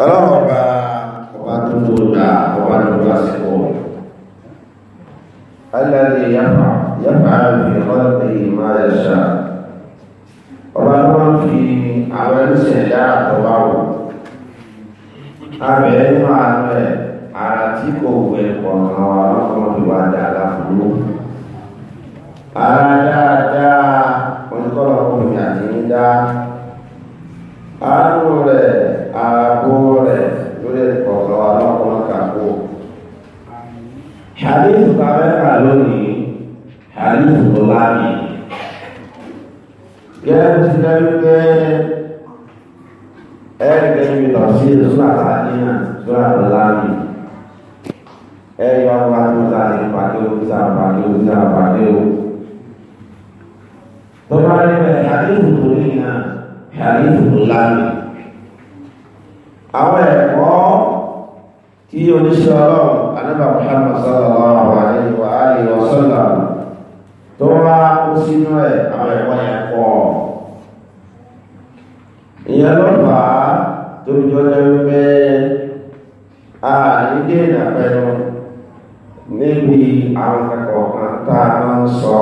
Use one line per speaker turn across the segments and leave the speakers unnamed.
ọlọ́run ọba ọba tó tó dà ọba tó dà sí ọ alẹ́ yàfà yàfà àbí ọlọ́pẹ̀ ìmọ̀ ẹ̀ṣà ọba tó wọ́n fi àwọn ẹlẹ́sẹ̀ dá ọba wò abẹ́ nínú àánú ẹ̀ ara tí kò wù ẹ̀ kọ̀ọ̀kan wa lọ́kàn ìwà dáadáa fún un ara dáadáa ààbò rẹ̀ lórí ẹ̀kọ̀ọ̀kan wa lọ́kùnrin kàkó. hadith kàmẹ́kà lónìí hadith tó láàmì. gẹ́gẹ́ bí ti dájú pé ẹ̀ẹ́dẹ̀gẹ́ mi lọ sí ìṣúná àtàlẹ́yìn ìṣúná tó láàmì. ẹ̀yọ́ wa tó láàmì pàdé òkúta pàdé òkúta pàdé òkúta. Bapak Ibu, hadis itu ringan, hadis itu lami àwọn ẹ̀kọ́ tí oníṣẹ́ ọlọ́run anábà Muhammad sallallahu alaihi wa alihi wa sallam tó wá kó sínú ẹ̀ àwọn ẹ̀kọ́ yẹn pọ̀ ìyẹn ló fà á tó fi jọjọ wípé a ní pẹ̀lú níbi àwọn ẹ̀kọ́ kan tá a máa ń sọ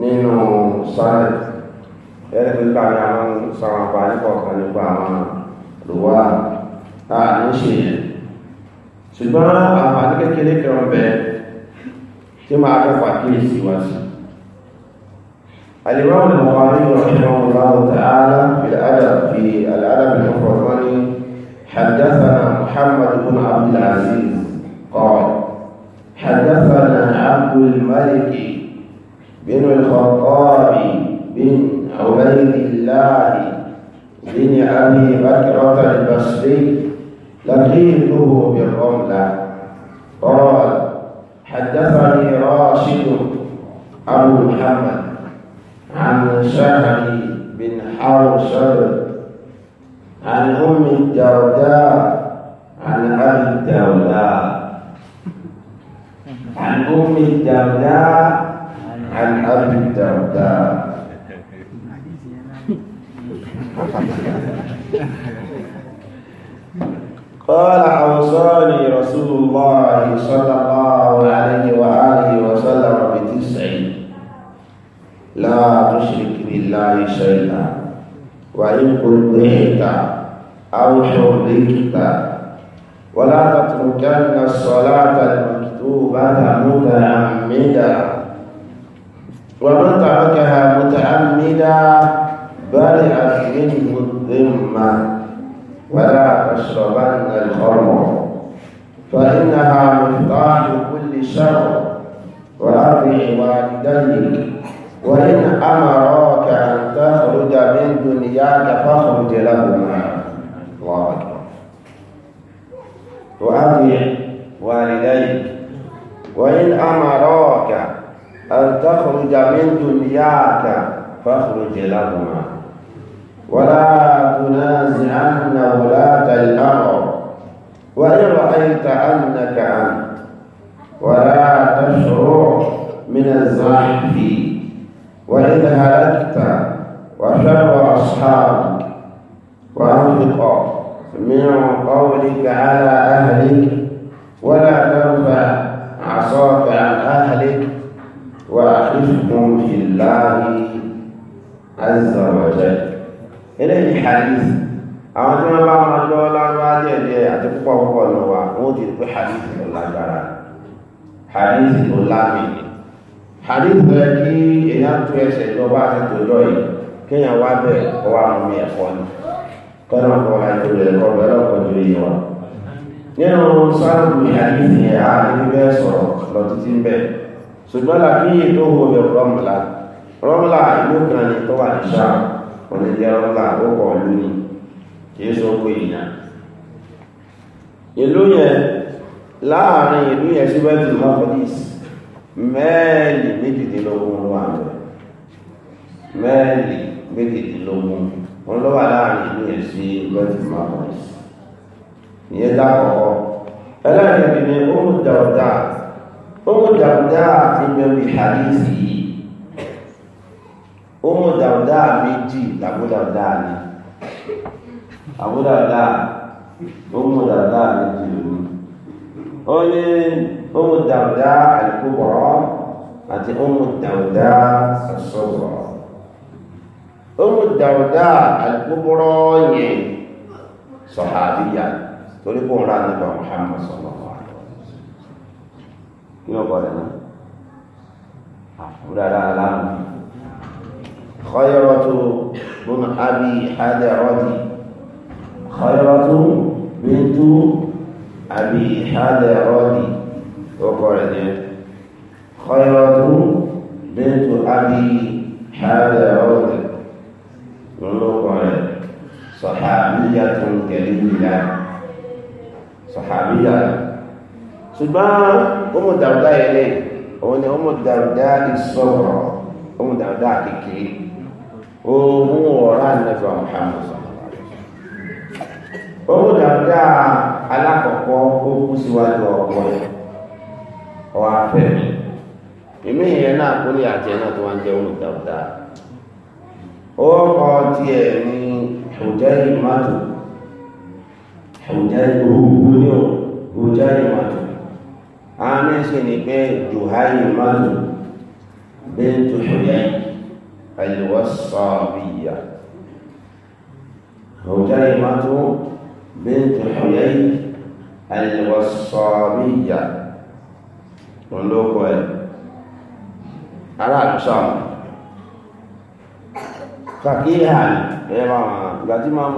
nínú sáré ẹ̀rẹ́ nípa ni àwọn sọ̀rọ̀ àǹfààní kọ̀ọ̀kan nípa àwọn kò wá tá à ń ṣe yẹn ṣùgbọ́n àǹfààní kékeré kan bẹ tí máa fẹ́ pàkíyèsí wá sí الإمام البخاري رحمه الله تعالى في الأدب في الأدب المفرد حدثنا محمد بن عبد العزيز قال حدثنا عبد الملك بن الخطاب بن عبيد الله بن أبي بكرة البصري لقيته بالرملة قال حدثني راشد أبو محمد عن سهل بن حوشب عن أم الدرداء عن أبي الدرداء عن أم الدرداء عن أبي الدرداء قال أوصاني رسول الله صلى الله عليه وآله وسلم بتسع لا تشرك بالله شيئا وإن قلت أو حرقت ولا تتركن الصلاة المكتوبة متعمدا ومن تركها متعمدا برئت منه الذمة ولا تشربن الخمر فإنها مفتاح كل شر وأطع والديك وإن أمراك أن تخرج من دنياك فاخرج لهما الله أكبر وأطع والديك وإن أمراك أن تخرج من دنياك فاخرج لهما ولا تنازعن ولاة الأمر وإن رأيت أنك أنت ولا تشرع من الزحف وإن هلكت وشر أصحابك وأنفق من قولك على أهلك ولا ترفع عصاك عن أهلك وأخفهم في الله عز وجل eléyìí hadith àwọn tí wọ́n bá wọn lọ lágbá díẹ̀díẹ̀ àti púpọ̀ púpọ̀ lọ wa wọ́n ti pé hadith ló lágbára hadith ló lámì hadith rẹ̀ kí èèyàn tó ẹsẹ̀ ìjọba àti tòjọ́ yìí kéèyàn wá bẹ̀ kó wá mú mi ẹ̀kọ́ ni kọ́nà kọ́ àti olùkọ́ bẹ̀rẹ̀ ọkọ̀ ju iye wa nínú sáàbù hadith yẹn a ti bẹ́ẹ̀ sọ̀rọ̀ lọ títí ń bẹ̀ ṣùgbọ́n làkíyè tó wọ bẹ̀ rọ́mùlà rọ́mùlà ìlú kan ni tó wà ní sáà kọ̀lẹ́ jẹ́ rọ́lá ó kọ̀ lónìí kì í sọ pé èèyàn ìlú yẹn láàrin ìlú yẹn sí bẹ́ẹ̀tì mọ́kànlís mẹ́ẹ̀lì méjìdínlógún ló wà rẹ̀ mẹ́ẹ̀lì méjìdínlógún wọn ló wà láàrin ìlú yẹn sí bẹ́ẹ̀tì mọ́kànlís ìyẹn dákọ̀ọ́ ẹlẹ́rìí ni ó ń dàrúdà ó ń dàrúdà ti bẹ̀rù ìhàlísì yìí ọmọ dàúdà méjì làbúdàúdà ni àbúdàúdà ọmọ dàúdà méjì lòní ó ní ọmọ dàúdà àlùkùbọ̀rọ̀ àti ọmọ dàúdà sọ̀sọ̀rọ̀ ọmọ dàúdà àlùkùbọ̀rọ̀ yẹn sọ̀hàbíyà torí kò ń ra nípa Muhammad sallallahu alaihi wasallam kí ló kọ́ ẹ̀ náà àbúdàúdà خيرة بن أبي حذرتي خيرة بنت أبي حذرتي وقالت خيرة بنت أبي حذرتي وقالت صحابية جليلة صحابية ṣùgbọ́n ọmọ dàrúdá yẹn lẹ́yìn òun ni ọmọ dàrúdá ìsọ̀rọ̀ ọmọ dàrúdá kékeré ohun ọ̀rá nẹ́fà Muhammad sallallahu alaihi wasallam owó dáadáa alákọ̀ọ́kọ́ ó kú síwájú ọkọ̀ ọwọ́ afẹ́ èmi yẹn náà kú ní àjẹ náà tó wá ń jẹ́ ohun dáadáa orúkọ tiẹ̀ ní ọjọ́ ìmọ̀tò ọjọ́ ìgbòho ní ọjọ́ ìmọ̀tò àmì sì ni pé jùháì ìmọ̀tò bẹ́ẹ̀ tó ṣọ̀yà yìí. الوصابية هجيمة بنت حيي الوصابية ونلوكو على الشام فقيها إمام الإمام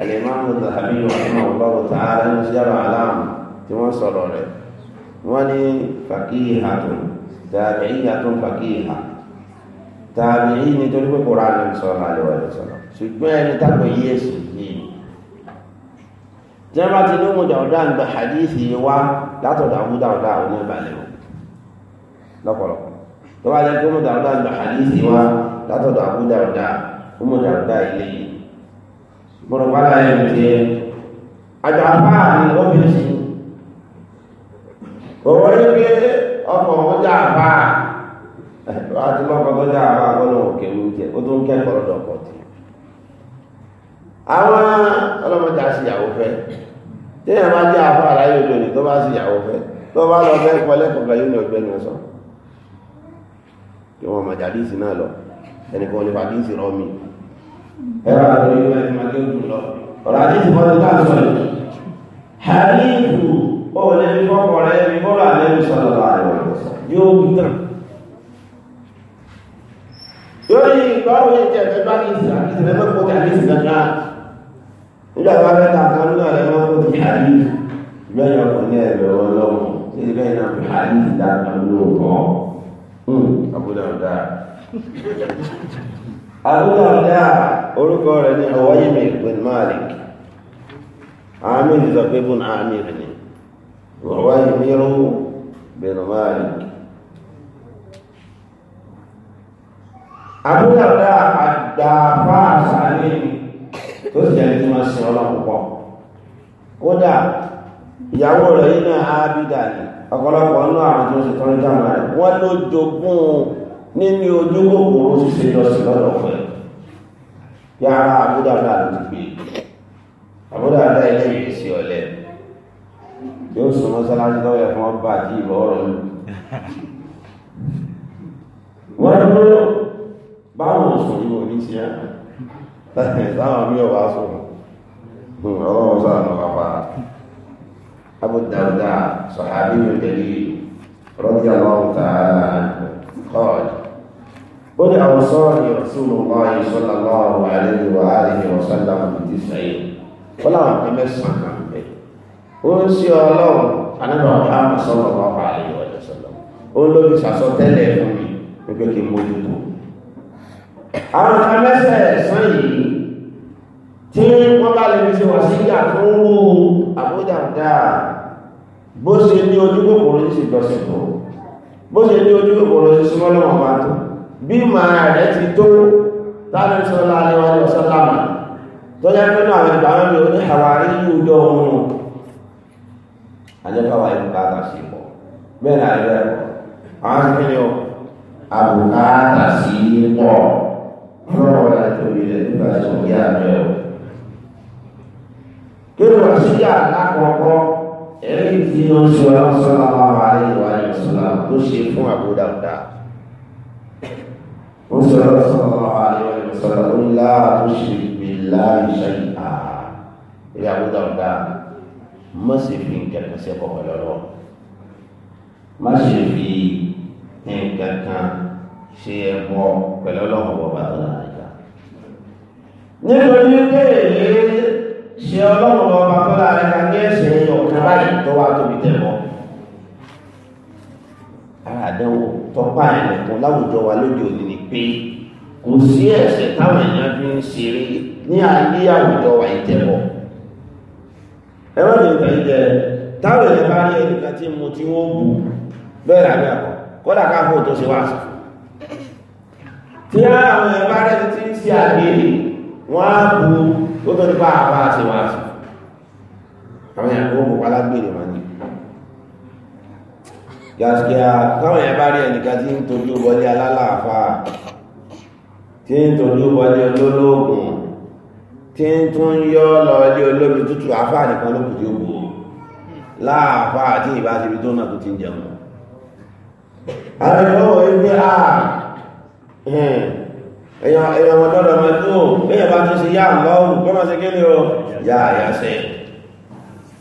الإمام الذهبي رحمه الله تعالى نسجل علام تمسر له وني فقيهة تابعية فقيهة tàbí yìí nítorí pé Kùránì ní sọ̀rọ̀ àlẹ́ wà lè sọ̀rọ̀ ṣùgbọ́n ẹni tàbí yìí èsì yìí tí wọ́n bá ti ní mọ̀jà ọ̀dá ń gba hadith yìí wá látọ̀dọ̀ àwọn mọ̀jà ọ̀dá àwọn ìbàlẹ̀ o lọ́pọ̀lọpọ̀ tó bá jẹ́ pé mọ̀jà ọ̀dá ń gba hadith yìí wá látọ̀dọ̀ àwọn mọ̀jà ọ̀dá mọ̀jà ọ̀dá ilé yìí mọ̀rọ̀ wá láyé mi ti àjàmbá ni ó fi ń òwò yìí pé ọkọ̀ mọ̀jà àbá àti lọ́kọ̀ tó dá àwọn agbọ́nà òkè ń jẹ ó tó ń kẹ́kọ̀ọ́ lọ́dọ̀ ọkọ̀ tí. àwọn ọlọ́mọdé á sì yàwó fẹ́ téèyàn bá jẹ́ afọ àlàyé olóòní tó bá sì yàwó fẹ́ tó bá lọ fẹ́ kọ́ lẹ́kọ̀ọ́ kan yóò ní ọgbẹ́ náà sọ. kí wọ́n máa jáde ìsìn náà lọ ẹnìkan ní lórí ìgbọ́rò ẹ̀jẹ̀ ẹ̀fẹ́ bá ní ìsìn àti ìsìn ẹ̀fẹ́ kọjá ní ìsìn kankan nígbà tó bá fẹ́ ta kan náà ẹ̀fẹ́ kó ti hàlí lẹ́yìn ọkùnrin ẹ̀rọ ọlọ́run ní ilé náà fi hàlí ìdá kan ní òkọ́ àbúdàdà àbúdàdà orúkọ rẹ̀ ní ọwọ́yé mi bin Malik amir zọpẹ́bùn amir ni ọwọ́yé mi rú bin Malik àbúdàdà àgbà fáàsà ní tó sì jẹ́ tí wọ́n ṣe ọlọ́pù pọ̀ kódà ìyàwó rẹ̀ yìí náà á bí dàní ọ̀pọ̀lọpọ̀ inú àrùn tó ń ṣe tọ́lú jàmà rẹ̀ wọ́n ló jogún nínú ojú kòkòrò ṣiṣẹ́ lọ sí lọ́dọ̀ fẹ́ yàrá àbúdàdà ló ti gbé àbúdàdà ilé yìí sí ọ̀lẹ́ yóò sọ mọ́sálásí lọ́wọ́ fún ọba àti ìbọ̀ ọ̀rọ̀ wọ́n ló báwọn sùn ní òní sí á láwọn mí ọba sùn hmm, ọlọ́run sáà nù bàbá Abu Darda sọ̀hábí mi tẹ̀lé rọ́bì aláwọ̀ tààrà kọ́ọ̀d ó ní àwọn sọ́ọ̀rì ọ̀túnmù láàyè sọ́lá láàrùn àlejò wà áàrẹ ọ̀sán láwọn ti sẹ́yìn ó láwọn pẹ́ mẹ́sàn-án kan bẹ́ẹ̀ ó ń ṣe ọlọ́run anábà Muhammad sọ́lá àwọn kan mẹ́sẹ̀ sán yìí tí wọ́n bá lè fi ṣe wà sí ìyá tó ń wo àbójàdá bó ṣe ní ojú kòkòrò ní ṣèjọsìn tó bó ṣe ní ojú kòkòrò ní súnmọ́ lọ́wọ́ bá tó bí màá rẹ̀ ti tó tánà sọ́lá aléwà ní ọ̀sánlámà tó yẹ sí pọ̀ bẹ́ẹ̀ ni àjẹ́ àwọn akẹ́kẹ́ ni ó àbùkátà sí pọ̀ fọwọ́ la tóbi rẹ̀ nígbà tó yá mi o. Kéwà sí àlákọ̀ọ́kọ́ ẹ̀rí tí ó ń sọ ọ́sọ́lá wa rí wa ní ọ̀sọ́lá tó ṣe fún àbúdàbúdà. Ó sọ ọ́sọ́lá wa rí wa ní ọ̀sọ́lá ó ń lá tó ṣe mi láì ṣe à rí àbúdàbúdà. Má ṣe fi nǹkan kan ṣe kọ̀ọ̀kan lọ́wọ́. Má ṣe fi nǹkan kan ṣe ẹbọ pẹ̀lú ọlọ́run bọba aláàjà nítorí pé èyí ṣe ọlọ́run bọba tó láàrin ká ní ẹsẹ̀ ọkàn báyìí tó wá tóbi tẹmọ ara àdánwò tọpa ẹnìkan láwùjọ wa lóde òní ni pé kò sí ẹsẹ̀ táwọn èèyàn fi ń ṣeré ní ayé àwùjọ wa ìtẹmọ ẹ má lè tẹ̀ jẹ táwọn èèyàn bá rí ẹnìkan tí mo ti wọ́n bù bẹ́ẹ̀ làbẹ́ àkọ́ kódà káfọ́ tó ṣe wá sí fún tí àwọn ẹ̀bá rẹ̀ ti ń ṣe àgbèrè wọ́n á bu ó tó nípa àbá àti wọn àti àwọn ìyàwó mú pa lágbèrè wọn ni gàṣkìá táwọn ẹ̀bá rẹ̀ nìkan ti ń tọ́jú wọlé alálàáfáà tí ń tọ́jú wọlé olólógùn tí ń tún yọ́ lọ ilé olómi tútù àfáà nìkan ló kù tí ó bù ó láàfáà tí ìbá ti fi tó náà tó ti ń jẹun. àwọn ìlọ́wọ́ yìí pé èèyàn èèyàn wọn lọ́dọ̀ mẹ́tò èèyàn bá ti ṣe yá àlọ́wù kọ́ máa ṣe kéde o yá àyàṣẹ́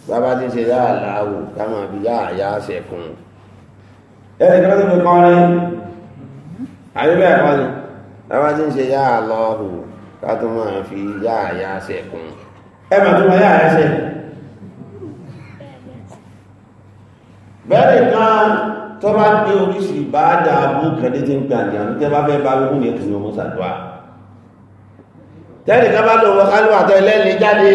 bàbá ti ṣe yá àláwù ká máa fi yá àyàṣẹ́ kún ẹni kí wọ́n ti fi kọrin àbí ni bàbá ti ń ṣe yá àlọ́wù ká tó máa fi yá àyàṣẹ́ kún ẹ máa tó máa tó bá ní oríṣi ìbáàdà abú kàdé tí ń pè àjànú tẹ́ bá fẹ́ bá wíwú ní ẹ̀kùn ọmọ sàdúrà tẹ́lẹ̀ ká bá lọ́wọ́ kálíwà tẹ́ lẹ́ni jáde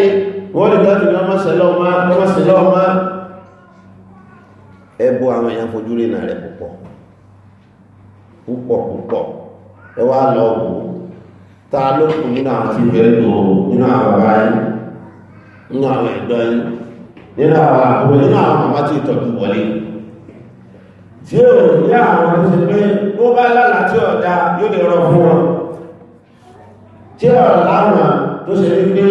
wọ́n lè tọ́jú ní ọmọ sẹ́lọ́ ọmọ sẹ́lọ́ ọmọ ẹbọ àwọn èèyàn fojú rí náà rẹ púpọ̀ púpọ̀ púpọ̀ ẹ wá lọ wò ta ló kù nínú àwọn tí bẹ́ẹ̀ lò ó nínú àwọn bàbá yín nínú àwọn ẹ̀gbọ́n yín nínú àwọn àbúrò nínú àwọn bàbá tí ìtọ́jú tí ó ní àwọn tó pé ó bá lálàá tí ọ̀dá yóò lè rọ fún wọn tí ọ̀rọ̀ láwọn tó ṣe rí pé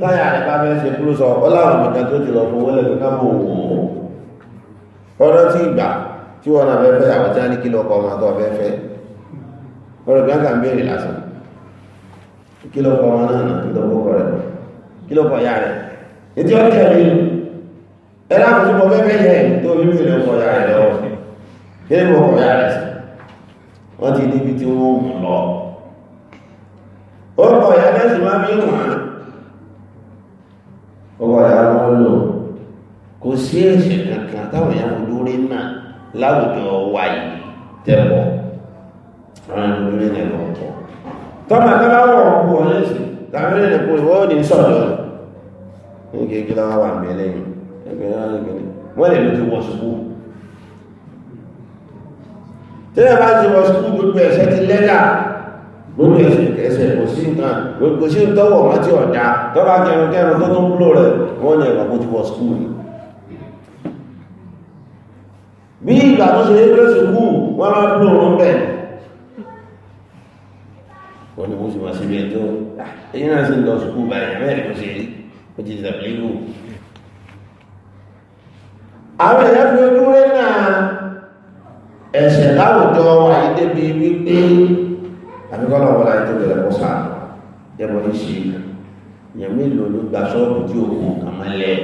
táyà rẹ̀ bá fẹ́ sọ ọláwọn nìkan tó ti fún wọlé ní káàmù tí ìgbà tí wọn náà fẹ́fẹ́ àwọn tí ní kí lọ ọmọ tó fẹ́fẹ́ ọ̀rọ̀ bí kílẹ̀ mọ̀ ọ̀rẹ́ rẹ̀ sí wọ́n ti níbi tí wọ́n mú lọ orúkọ ìyá mẹ́sì máa bí wọ́n ọwọ́ ìyá wọn lò kò sí ẹ̀ṣẹ̀ kankan táwọn èèyàn fojú rí náà láwùjọ wa yìí tẹ̀wọ̀ àwọn olórí náà lọ tọ̀ tọ́mà tọ́mà wọ̀ ọ̀pọ̀ ọ̀lẹ́ sí tàbí lè kó wọ́n lè lójú wọ̀ ṣubú tẹ́lẹ̀ ti wọ sùkúù gbogbo ẹ̀ṣẹ̀ ti lẹ́dà gbogbo ẹ̀ṣẹ̀ kò sí nǹkan kò sí tọ́wọ̀ mọ́ ọ̀dá tọ́ba kẹrin kẹrin tó tó ń bló rẹ̀ wọ́n ni bí ìgbà tó ẹ̀ṣẹ̀ láwùjọ wà yí débi wípé àbíkọ́nà wọn láyé tó bẹ̀rẹ̀ mọ́sá jẹ́bọ̀ ní ṣe èèyàn mélòó ló gba ṣọ́ọ̀bù tí òkú kan máa lẹ̀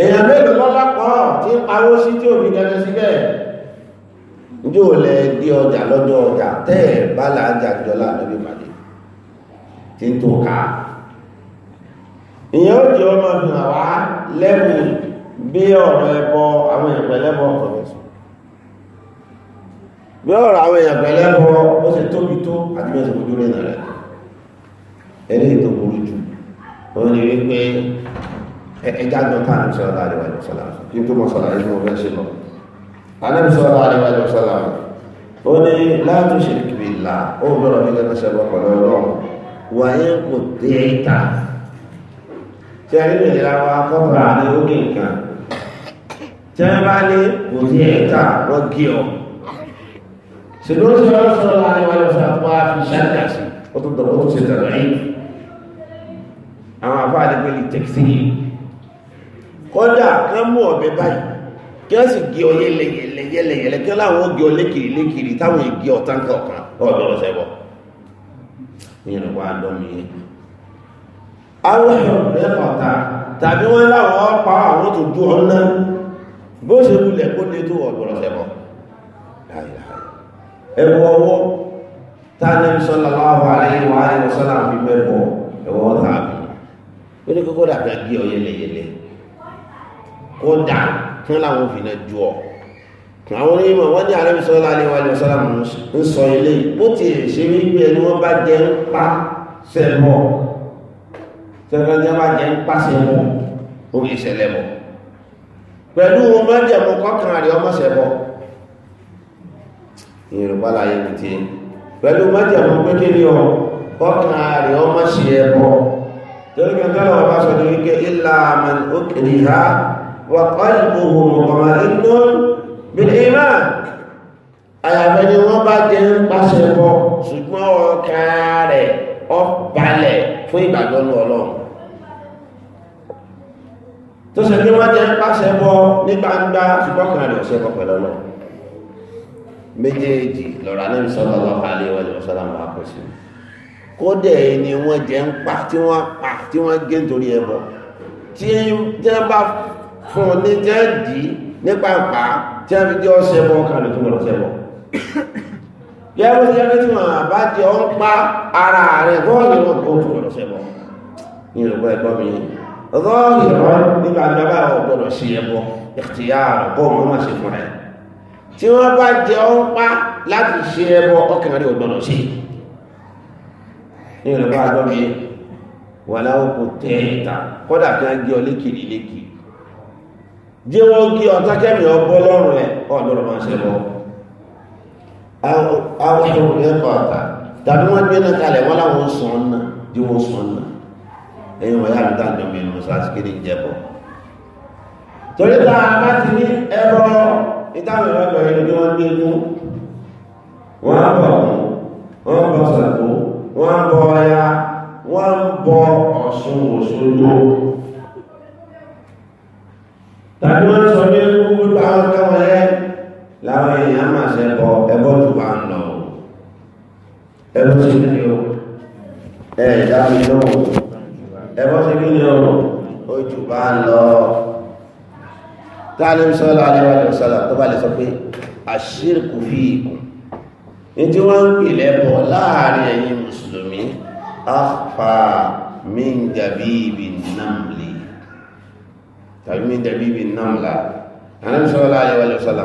èèyàn mélòó lọ́lápọ̀ tí ń parọ́ sí tí òbí gẹ́gẹ́ síbẹ̀ njó lẹ dé ọjà lọ́jọ́ ọjà tẹ́ ẹ̀ bá làájà jọlá lórí ìpàdé tí ń tó ká ìyẹn ó jẹ́ ọmọ ìgbìmọ̀ wá bí ọ̀rọ̀ ẹbọ àwọn ìpẹ̀lẹ́bọ̀ ọ̀tọ̀ bí ọ̀rọ̀ àwọn èèyàn pẹ̀lẹ́ bọ́ ó sì tóbi tó àti mẹ́sàn ojú rẹ̀ nà rẹ̀ ẹni tó burú jù ó ní wípé ẹjá gbọ́n tá àdúgbò sọ́lá àríwá ìlú sọ́lá kí tó mọ̀ sọ́lá yìí mo fẹ́ ṣe lọ àdúgbò sọ́lá àríwá ìlú sọ́lá ó ní láti ṣe kìbìlà ó gbọ́dọ̀ fi lẹ́nu ṣẹbọ ọlọ́run wàyé kò kò ṣèlú tí wọ́n sọ láàrin wọn lọ́sọ̀ àpá fi ṣáàdà sí ó tó dọ̀wọ́ tó ṣe tẹ̀lé rí àwọn àbá àdégbé lè tẹ̀ sí yìí kọ́dà kán mú ọ̀bẹ báyìí kí wọ́n sì gé ọ yẹlẹyẹlẹ kí láwọn gé ọ lékiri lékiri táwọn ìgé ọ̀tán kọ̀ọ̀kan ọ̀bẹ ọ̀sẹ̀ bọ̀ ìyẹn lọ́wọ́ àdọ́mi àwọn tó ẹwọ ọwọ́ tánà sallallahu alaihi wa alihi wa sallam fi mẹ́bọ ẹwọ ọ̀tá mi ó ní kókó dàgbà gé ọ yẹlẹyẹlẹ kó dà kí wọn làwọn fi náà ju ọ àwọn onímọ̀ wọ́n ní àrẹ́bí sallallahu alaihi wa sallam ń sọ ilé bó ti ṣe wípé ẹni wọ́n bá jẹ ń pa sẹ́mọ̀ sẹ́fẹ́ndé bá jẹ ń pa sẹ́mọ̀ ó kì í ṣẹlẹ̀ wọn bá jẹ mọ́ kọ́kànlá rẹ̀ ọmọ sẹ́mọ̀ Yorùbá láyé mi ti pẹ̀lú májèmú pé kí ni ọ kọ́kàn rẹ̀ ọ má ṣe ẹbọ torí kan tọ́lọ̀ ọba sọ ní wípé ilà àmàn òkèrè ha wà kọ́lùkù ọmọkọ̀mọ̀ inú bíi iná àyàfẹ́ ni wọ́n bá jẹ́ ń pàṣẹ bọ ṣùgbọ́n ọkàn rẹ̀ ọ balẹ̀ fún ìgbàgbọ́ ní tó ṣe pé wọ́n jẹ́ pàṣẹ bọ ní gbangba ṣùgbọ́n kan rẹ̀ ọ̀ṣẹ́ kọ méjèèjì lọ́rọ̀ anábì sallallahu alaihi wa sallam àpò sí kódà ni wọ́n jẹ́ ń pa tí wọ́n pa tí wọ́n gé nítorí ẹbọ tí wọ́n bá fún un ní jẹ́ dì í nípa pa tí wọ́n fi jẹ́ ọ̀sẹ̀ bọ́ kàlù tó lọ́sẹ̀ bọ́ yẹ́rù tí wọ́n ti wọ́n bá jẹ́ ọ́n pa ara rẹ̀ bọ́ọ̀lù wọn tó lọ́sẹ̀ bọ́ tí wọ́n bá jẹ ọ́n pa láti ṣe ẹbọ ọkàn rẹ̀ ògbọ́nà sí ní ìrọ̀lẹ́ àjọ mi wà láwọ́pọ̀ tẹ́ẹ̀ta kọ́dà kí wọ́n gé ọ lékìrì lékì jẹ́ wọ́n gé ọ̀tá kẹ́mì ọgbọ́ lọ́rùn ẹ̀ ọ̀dọ́rọ̀ máa ṣe lọ àwọn ẹ̀kọ́ ọ̀tá tàbí wọ́n gbé náà kalẹ̀ wọ́n láwọn sàn náà jí wọ́n sàn náà ẹ̀yìn wọ́n yá àbúdá àjọ mi lọ sí
àti
ìtàwọn ọ̀pọ̀ ẹni bí wọ́n gbé mú wọ́n á bọ̀ mú wọ́n bọ̀ sàkó wọ́n á bọ̀ ọya wọ́n ń bọ̀ Ọ̀ṣun Òṣogbo tàbí wọ́n sọ bí gbogbo àwọn káwọn ẹ láwọn èèyàn máa ṣe bọ ẹbọ tó bá ń lọ ẹbọ sí ní o ẹ ìdámi náà ẹbọ sí ní o ojú bá ń lọ tààlẹ́ sọ́lá aláwọ̀ sọ́lá tó bá lè sọ pé àṣírkù fi ìkùn ní tí wọ́n ń pè lẹ́bọ̀ láàrin ẹ̀yin mùsùlùmí afa min dabibi namli tàbí min dabibi namla aláwọ̀ sọ́lá aláwọ̀ sọ́lá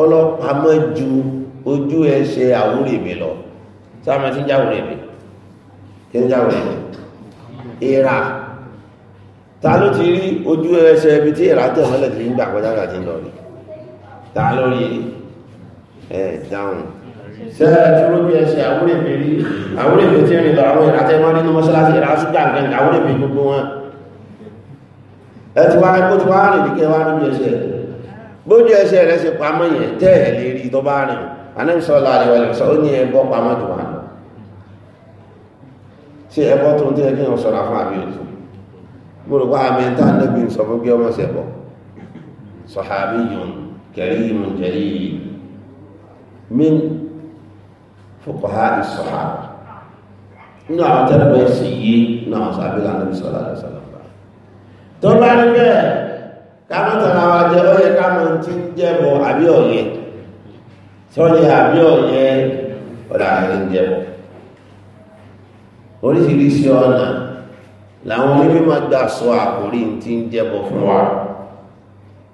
ọlọ́pàá ju ojú ẹsẹ̀ àwúrèbè lọ sáà máa ti ń ta ló ti rí ojú ẹsẹ̀ ibi tí ìrátẹ̀ mọ́lẹ̀ ti ń gbà kọjá àti ń lọ rí ta ló rí ẹ̀ dáhùn sẹ́ẹ̀ tí ó bí ẹsẹ̀ àwúrẹ̀bẹ̀ rí àwúrẹ̀bẹ̀ tí rìn lọ àwọn ìrátẹ̀ mọ́ nínú mọ́sálásí ìrásúgbà nǹkan àwúrẹ̀bẹ̀ gbogbo wọn ẹ ti wá kó ti wá rìn díkẹ́ wá níbi ẹsẹ̀ bójú ẹsẹ̀ rẹ̀ ṣe pamọ́ yẹn tẹ́ ẹ̀ lè rí mo rò pé àmì tá a nẹ́bí sọ fún kí ọmọ ṣẹ̀ bọ̀ sọ̀hábí yòó kẹrí mu jẹrí mí fòkòhá ìsọ̀há nínú àwọn tẹ́lẹ̀ bẹ́ẹ̀ sì yí nínú àwọn sàbí lànà bí sọ̀rọ̀ àdàsọ̀ lọ́wọ́ tó bá rí bẹ́ẹ̀ ọ̀nà làwọn onímọ̀ gbà sọ àkórí tí ń jẹ́bọ fún wa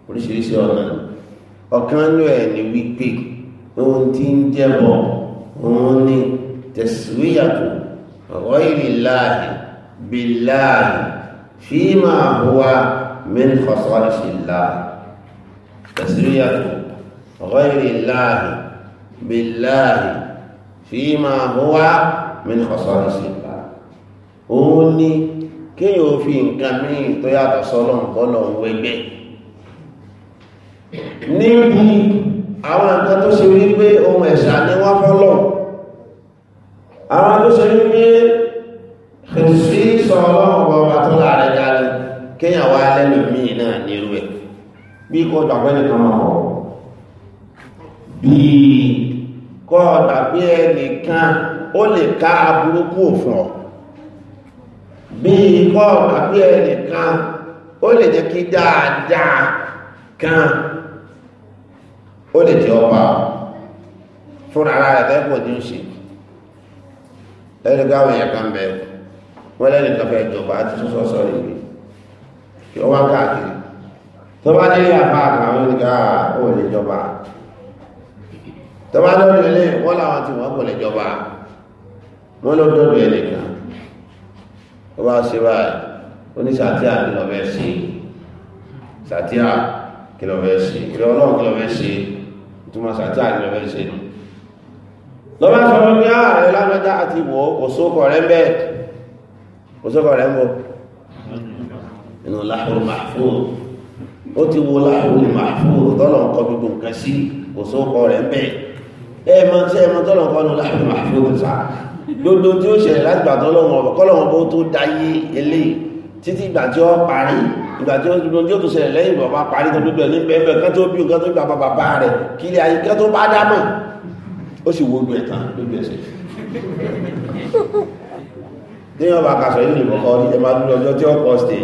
oríṣiríṣi ọ̀nà ọ̀kan ló ẹ̀ ní wípé ohun tí ń jẹ́bọ òun ni tẹ̀síwíyàtò ọ̀rọ̀ ìrìláàhì bíláàhì fíìmà àbúwá mẹ́rin fọ́sọ́ọ̀ṣì láàhì tẹ̀síwíyàtò ọ̀rọ̀ ìrìláàhì bíláàhì fíìmà àbúwá mẹ́rin fọ́sọ́ọ̀ṣì láàhì kéèyàn ò fi nǹkan míì tó yàtọ̀ sọ́nà bọ́lọ̀ wẹgbẹ́ níbi àwọn nǹkan tó ṣe wípé ohun ẹ̀ṣà ni wọ́n fọ́lọ̀ àwọn tó ṣe wípé kò sí sọ́nà ọba tó láàrẹ jáde kéèyàn wá lẹ́nu míì náà nírú ẹ̀ bí kò dàgbẹ́ nìkan máa bí kò dàgbẹ́ nìkan ó lè ká aburú òfin ọ̀ bí ikọ́ àbí ẹnìkan ó lè jẹ́ kí dáadáa kan ó lè jẹ́ ọba fúnra ara rẹ̀ tẹ́kọ̀ ní ṣe ẹnìkan àwọn èèyàn kan bẹ̀ wọ́n lẹ́nìkan fẹ́ ìjọba àti sọ́sọ́ sọ́rọ̀ ìwé kí wọ́n káàkiri tó bá dé àbá àwọn ènìyàn ó lè jọba tó bá lọ́dọ̀ ilé wọ́n láwọn tí wọ́n kò lè jọba wọ́n lọ́dọ̀ ilé ó bá ṣe báyìí ó ní sàtíà kí lọ fẹ́ ṣe sàtíà kí lọ fẹ́ ṣe kí lọ náà kí lọ fẹ́ ṣe ìtumọ̀ sàtíà kí lọ fẹ́ ṣe nù lọ́bá sọ fún bí ah, ààrẹ lágbájá àti ìwọ̀ òṣókọ̀ rẹ̀ ń bẹ́ òṣókọ̀ rẹ̀ ń bọ̀ inú láhùrù màfúù ó ti wo láhùrù màfúù gbogbo tí ó ṣẹlẹ̀ láti gbà tó lọ́wọ́ bó tó dáyé eléyìí títí ìgbà parí ìgbà gbogbo tí ó tó ṣẹlẹ̀ lẹ́yìn bàbá parí tó gbogbo ní pẹ́ẹ́pẹ́ kan tó bí nǹkan tó gbà bàbá rẹ̀ kí ayé kan tó bá dámọ̀ ó sì wo ojú ẹ̀ta gbogbo tí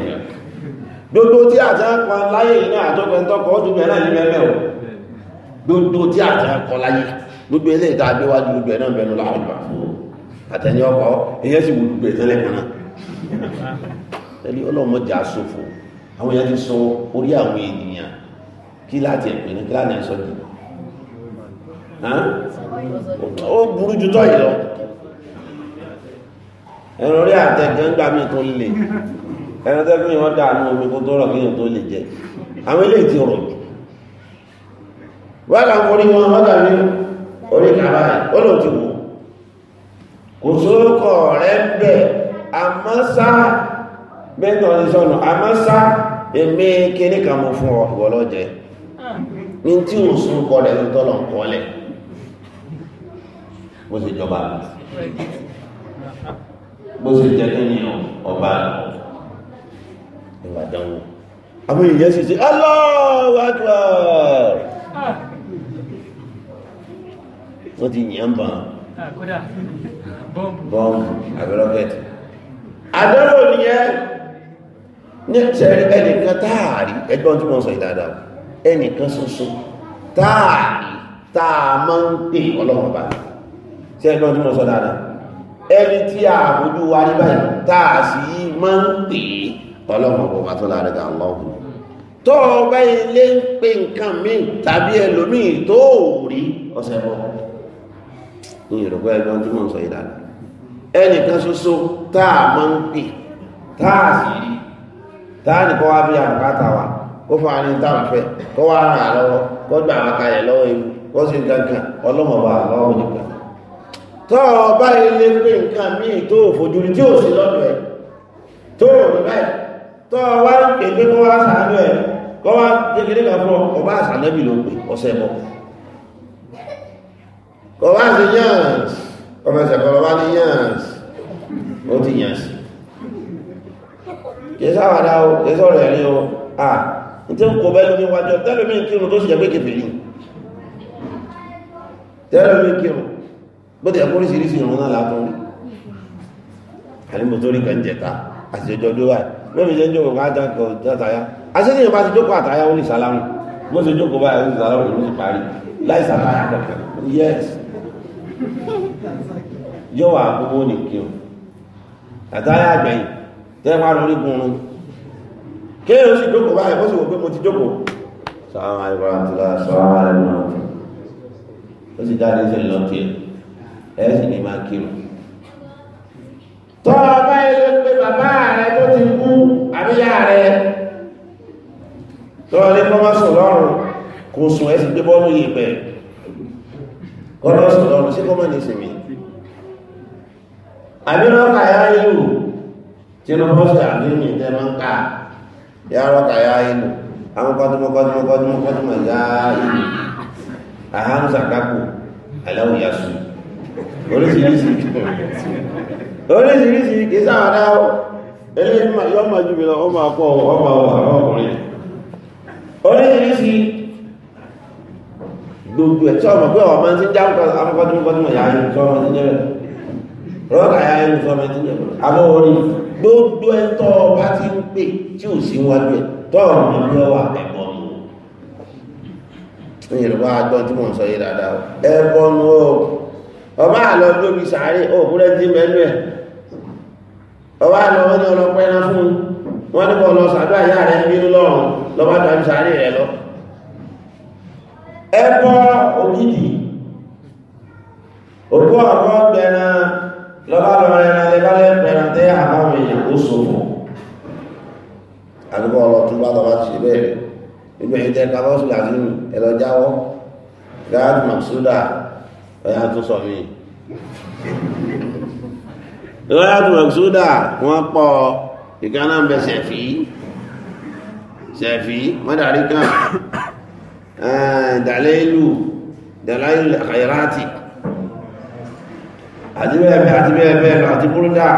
gbogbo tí àti láyé gbogbo eléyìí tá a gbogbo ẹ̀ náà bẹnu láàrin fún àtẹ̀yìn ọkọ̀ èyàn sì wù gbé tẹ́lẹ̀ kan náà tẹ́lẹ̀ ọlọ́mọ jà sófo àwọn èèyàn ti sọ orí àwọn ènìyàn kí láti ẹ̀pẹ̀ ní kí láti ẹ̀sọ́ jù ó burú ju tọ́yì lọ ẹ̀rọ rí àtẹ̀gán gbà mí tó lè ẹ̀rọ tẹ́gbẹ́ yìí wọ́n dà ní omi kó tó rọ̀ kí yìí tó lè jẹ àwọn eléyìí ti rọ̀ jù wọ́n kà ń forí wọn wọ́n dà ní orí kàrá ó lò ti wù kò sókò rẹ̀ bẹ̀ àmọ́sá bẹ́ẹ̀nà ìṣọ́nà àmọ́sá èmi kíní kan mú fún ọ̀pọ̀ lọ́jẹ́ ní tí ò sún kọ rẹ̀ tó tọ́lọ̀ kọlẹ̀ bó ṣe jọba bó ṣe jẹ́ kí ni ọba ìwà dánwò àwọn èèyàn sì sí Allahu Akbar ah. wọ́n ti yàn bá kódà bọ́ọ̀mù bọ́ọ̀mù àbí rọ́kẹ̀tì àdánwò nìyẹn ní ṣẹ̀rí ẹnìkan táàrí ẹgbọ́n tí wọ́n sọ ìdáadáa ẹnìkan ṣoṣo táàrí táà máa ń pè ọlọ́run bá ṣe ẹgbọ́n tí wọ́n sọ dáadáa ẹni tí a fojú wa ní báyìí táà sí máa ń pè ọlọ́run bọ̀ wàtó láàrin àlọ́hùn tó ọba ilé ń pè nǹkan míì tàbí ẹlòmíì tó rí ọ̀sẹ̀ bọ̀ ní ìrọ̀pẹ́ ẹgbẹ́ tí mò ń sọ yìí dáadáa ẹnìkan ṣoṣo tá a máa ń pè tá a sì rí tá a nìkan wá bí àbùkátà wa kó fún àárín tá a fẹ́ kó wá ràn án lọ́wọ́ kó gbà wá kalẹ̀ lọ́wọ́ ewu kó sì gángan ọlọ́mọba lọ́wọ́ nìkan tó o bá ilé pé nǹkan míì tó o fojú rí tí ọwá ní yáns ọmọ ìṣẹ̀kọ́ ọwá ní yáns ó ti yáns kìí sáwàdá o kìí sọ̀rọ̀ ẹ̀rí o à ní tí ó kò bẹ́lú níwájọ́ tẹ́lùmí kírun tó sì jẹ́ pé kèfèrí tẹ́lùmí kírun bó ti ẹ̀kọ́ oríṣiríṣi ìrún náà látọ́ rí àlímọ̀tò rí kan jẹta àti ọjọ́ dúwà mẹ́rin jẹ́ jókòó kájákọ̀ játayá àti ní ìbá ti jókòó àtayá ó lè sàlámù bó ti jókòó báyà ó sàlámù ìlú ti parí láì sàlámù yes yóò wà gbogbo ní kí o àtàrà àgbẹ̀yìn tẹ́fà lórí gúnrún kí o sì jókòó báyìí bó sì wò pé mo ti jókòó sàmà ìwà àtìlá sọ́wọ́ rẹ̀ náà ó sì dáadé sí lọ tí ẹ sì ní máa kí o tọ́ ọba ilé pé bàbá rẹ̀ tó ti kú àbíyá rẹ̀ tọ́ ọ lé kọ́mọ́sùn lọ́rùn kò sùn ẹ sì gbé bọ́ọ̀lù yìí bẹ̀rẹ̀
kọ́lọ́ sọ̀rọ̀
sí kọ́mọ̀ ní ìsinmi àbírọ́kà yá ìlú tí ó bọ́sẹ̀ àbírìn ìtẹ́ máa ń ká yárọ́kà yá ìlú àwọn kọ́dúnmọ́kọ́dúnmọ́kọ́dúnmọ́ yá ìlú àhánu sàkákù aláwọ̀ yasù oríṣiríṣi oríṣiríṣi kì í sáwọn adáwọ̀ eléyìí yọ́ máa jù mí lọ ọmọ akọ ọmọ ọkùnrin oríṣiríṣi gbogbo ẹ̀ tí ọmọ pé ọmọ ti ń já amúkọ́dúnkọ́dún ẹ̀yà ayélujára tí ọmọ ti ń jẹ́ bẹ̀rẹ̀ rọ́ọ̀dà ayé ayélujára ti ń jẹ́ bẹ̀rẹ̀ orí gbogbo ẹ̀ tọ́ ọba ti ń pè tí ò sí wájú ẹ̀ tọ́ ọmọ bí ọwà ẹ̀bọ̀ nù. ní yorùbá agbọ́n tí mò ń sọ yìí dáadáa o ẹ̀bọ̀ nù o ọba àlọ́ lóbi sàárè òkúrẹ́ ti mẹ́nu ẹ̀ ọba àlọ́ wọn ni ọlọ́pẹ́ náà fún wọn ní bọ́ọ̀lù ọ̀sán àdó àyà rẹ̀ ń bínú lọ́rùn lọ́ba tàbí sàárè rẹ̀ lọ́ọ́ ẹbọ ògidì òkú àwọn ọgbẹ̀ran lọ́bá lọ́rẹ̀ alẹ́bálẹ́ pẹ̀rẹ̀ tẹ́ àwọn èèyàn ó so fún àdúgbò ọlọ́ tó bá tọ́wá ti bẹ́ẹ̀rẹ̀ inú ẹ̀jẹ̀ kábọ́sù làzínú ẹlọ́jáwọ́ gáàdì màṣúdà ọ̀yá tó sọ mí gáàdì màṣúdà wọ́n pọ̀ ìkànnà bẹ sẹ̀fí sẹ̀fí mọ́dàrí kan dàlẹ́lù dàlẹ́lù àkàyẹ̀ráàtì àti bẹ́ẹ̀bẹ́ àti bẹ́ẹ̀bẹ́ lọ àti búrúdà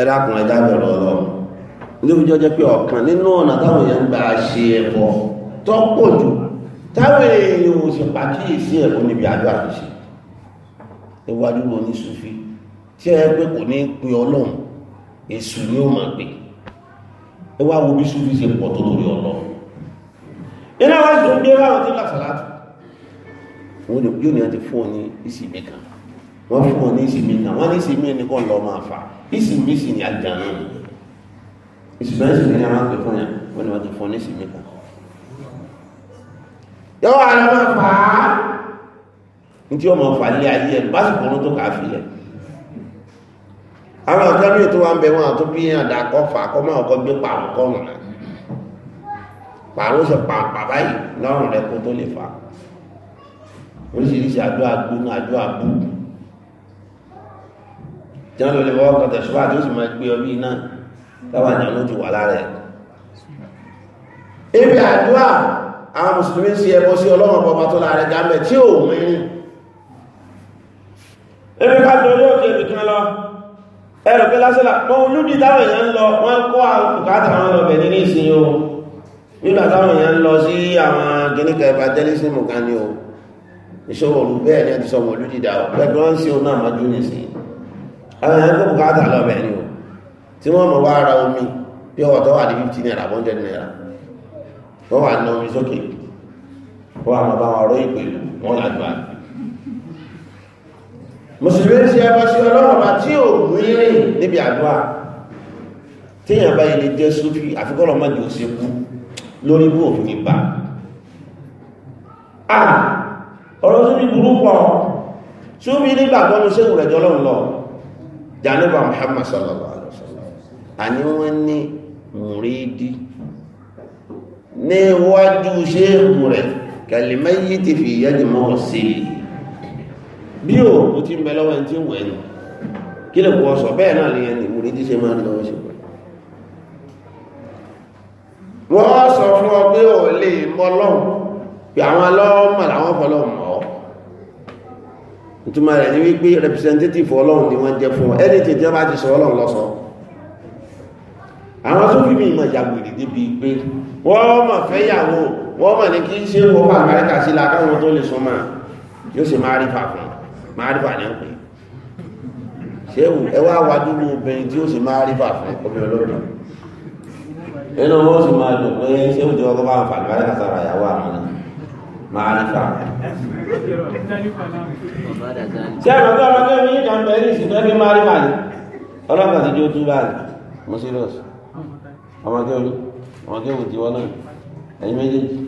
ẹ̀rákùn ẹ̀dá bẹ̀rọ lọ ní ìjọ jẹ́ pé ọ̀kan nínú ọ̀nà táwọn èèyàn gba ṣe ẹ̀kọ́ tọ́pọ̀ jù táwọn èèyàn ò sì pàkíyèsí ẹ̀kọ́ níbi àjọ àṣìṣe ẹ wá wo bí súnfì ṣe pọ̀ tó lórí ọ̀nà iná wá sí ọdún ẹwà ọdún lásàlátù wọ́n ni yóò ní àti fún ọ ní ìsinmi kan wọ́n fún ọ ní ìsinmi kan wọ́n ní ìsinmi ẹni kọ́ lọ máa fà ìsinmi sì ní àjànà ìsinmi sì ní àwọn àpè fún yà wọ́n ni wọ́n ti fún ọ ní ìsinmi kan yọ́wọ́ àlọ́ máa fà á ní tí wọ́n máa fà á lé ayé ẹ̀ lásìkò ọdún tó kà á fi àwọn àjọ́rí ètò wa ń bẹ̀ wọn àtún bí i àdá kọ́ fà kọ́ máa kọ́ gbé pàrún kọ́rùn náà pàrún sọ pàǹpà báyìí lọ́rùn rẹ kó tó lè fà oríṣiríṣi àjọ àgbóná àjọ àbú jẹ́ lọ lè wọ́n kan tẹ̀síwá tó sì máa gbé ọbí náà táwọn àjọ ló ti wà lára ẹ̀ ebi àdúrà àwọn mùsùlùmí sí ẹbọ sí ọlọ́run ọba tó lára gámẹ̀ tí ò mẹ́rin ebi ká lọ yóò jẹ́ ẹ̀rọ pé lásìlá mọ́ olúdí táwọn èèyàn ń lọ wọ́n kọ́ àkùkátà àwọn ọ̀bẹ̀ nínú ìsìn o nígbà táwọn èèyàn ń lọ sí àwọn gíníkà evangelism kan ní o ìṣòwò olú bẹ́ẹ̀ ni ẹ̀tì sọmọ olúdí dá o pẹ̀lú wọ́n sí o náà mọ́jú ní sí àwọn èèyàn kọ́ bùkátà lọ́bẹ̀ ni o tí wọ́n mọ̀ wá ara omi bí ọwọ́ tó wà ní 15 naira 100 naira wọ́n wà ní omi sókè wọ́n wà máa bá wọn rọ ìpèlú wọn làdúrà mùsùlùmí ti ẹbọ sí ọlọ́run bá tí ò ní rìn níbi àdúrà téèyàn bá ilé jẹ́ sófì àfikọ́rọ̀ mọ́jì ò ṣe kú lórí bú òfin ìbá à ọ̀rọ̀ sófì burú pọ̀ sófì nígbàgbọ́ ní sẹ́kùn rẹ̀ jọlọ́run lọ jàníbà Muhammad sallallahu alaihi wasallam àní ní mùrídí níwájú sẹ́kùn rẹ̀ kẹlìmẹ́yìí ti fi yẹ́dìmọ́ bí òòrùn tí ń bẹ lọ́wọ́ ẹni tí ń wẹ̀ ni kí lè kọ́ sọ bẹ́ẹ̀ náà lèyẹn ni múrí díṣe máa ń lọ ṣe pẹ̀lú wọ́n sọ fún ọ pé ò lè mọ́ lọ́hùn pé àwọn ọlọ́mọ làwọn fọlọ́hùn mọ́ ìtumọ̀ rẹ̀ ni wípé representative ọlọ́hùn ni wọ́n jẹ́ fún ọ ẹni tí ìjọba ti sọ ọlọ́hùn lọ́sọ àwọn tó fi mí ìmọ̀ ìjàgbèrè débi pé wọ́n mọ̀ fẹ́yàwó wọ́n mọ̀ ní kí ṣe wọ́n bá àmàríkà sí la tó lè sọ máa yóò sì máa rí fàfún márífà ní ń pè ṣéwù ẹ wá wá dúró obìnrin tí ó sì márífà fún obìnrin olóòtú inú wọn sì máa dùn pé ṣéwù tí wọn kọ́ bá ń fà lùbáríkà sára ìyàwó àmì márífà ṣé ẹ̀rọ bí ọmọ kẹ́mi yìí kan bẹ̀rẹ̀ ìsìn tó ń gbé márífà ni ọlọ́pàá ti jó tú báyìí mo sí lọ́sùn ọmọ kẹ́mi ọmọ kẹ́mi ti wọ́n náà ẹ̀yin méjèèjì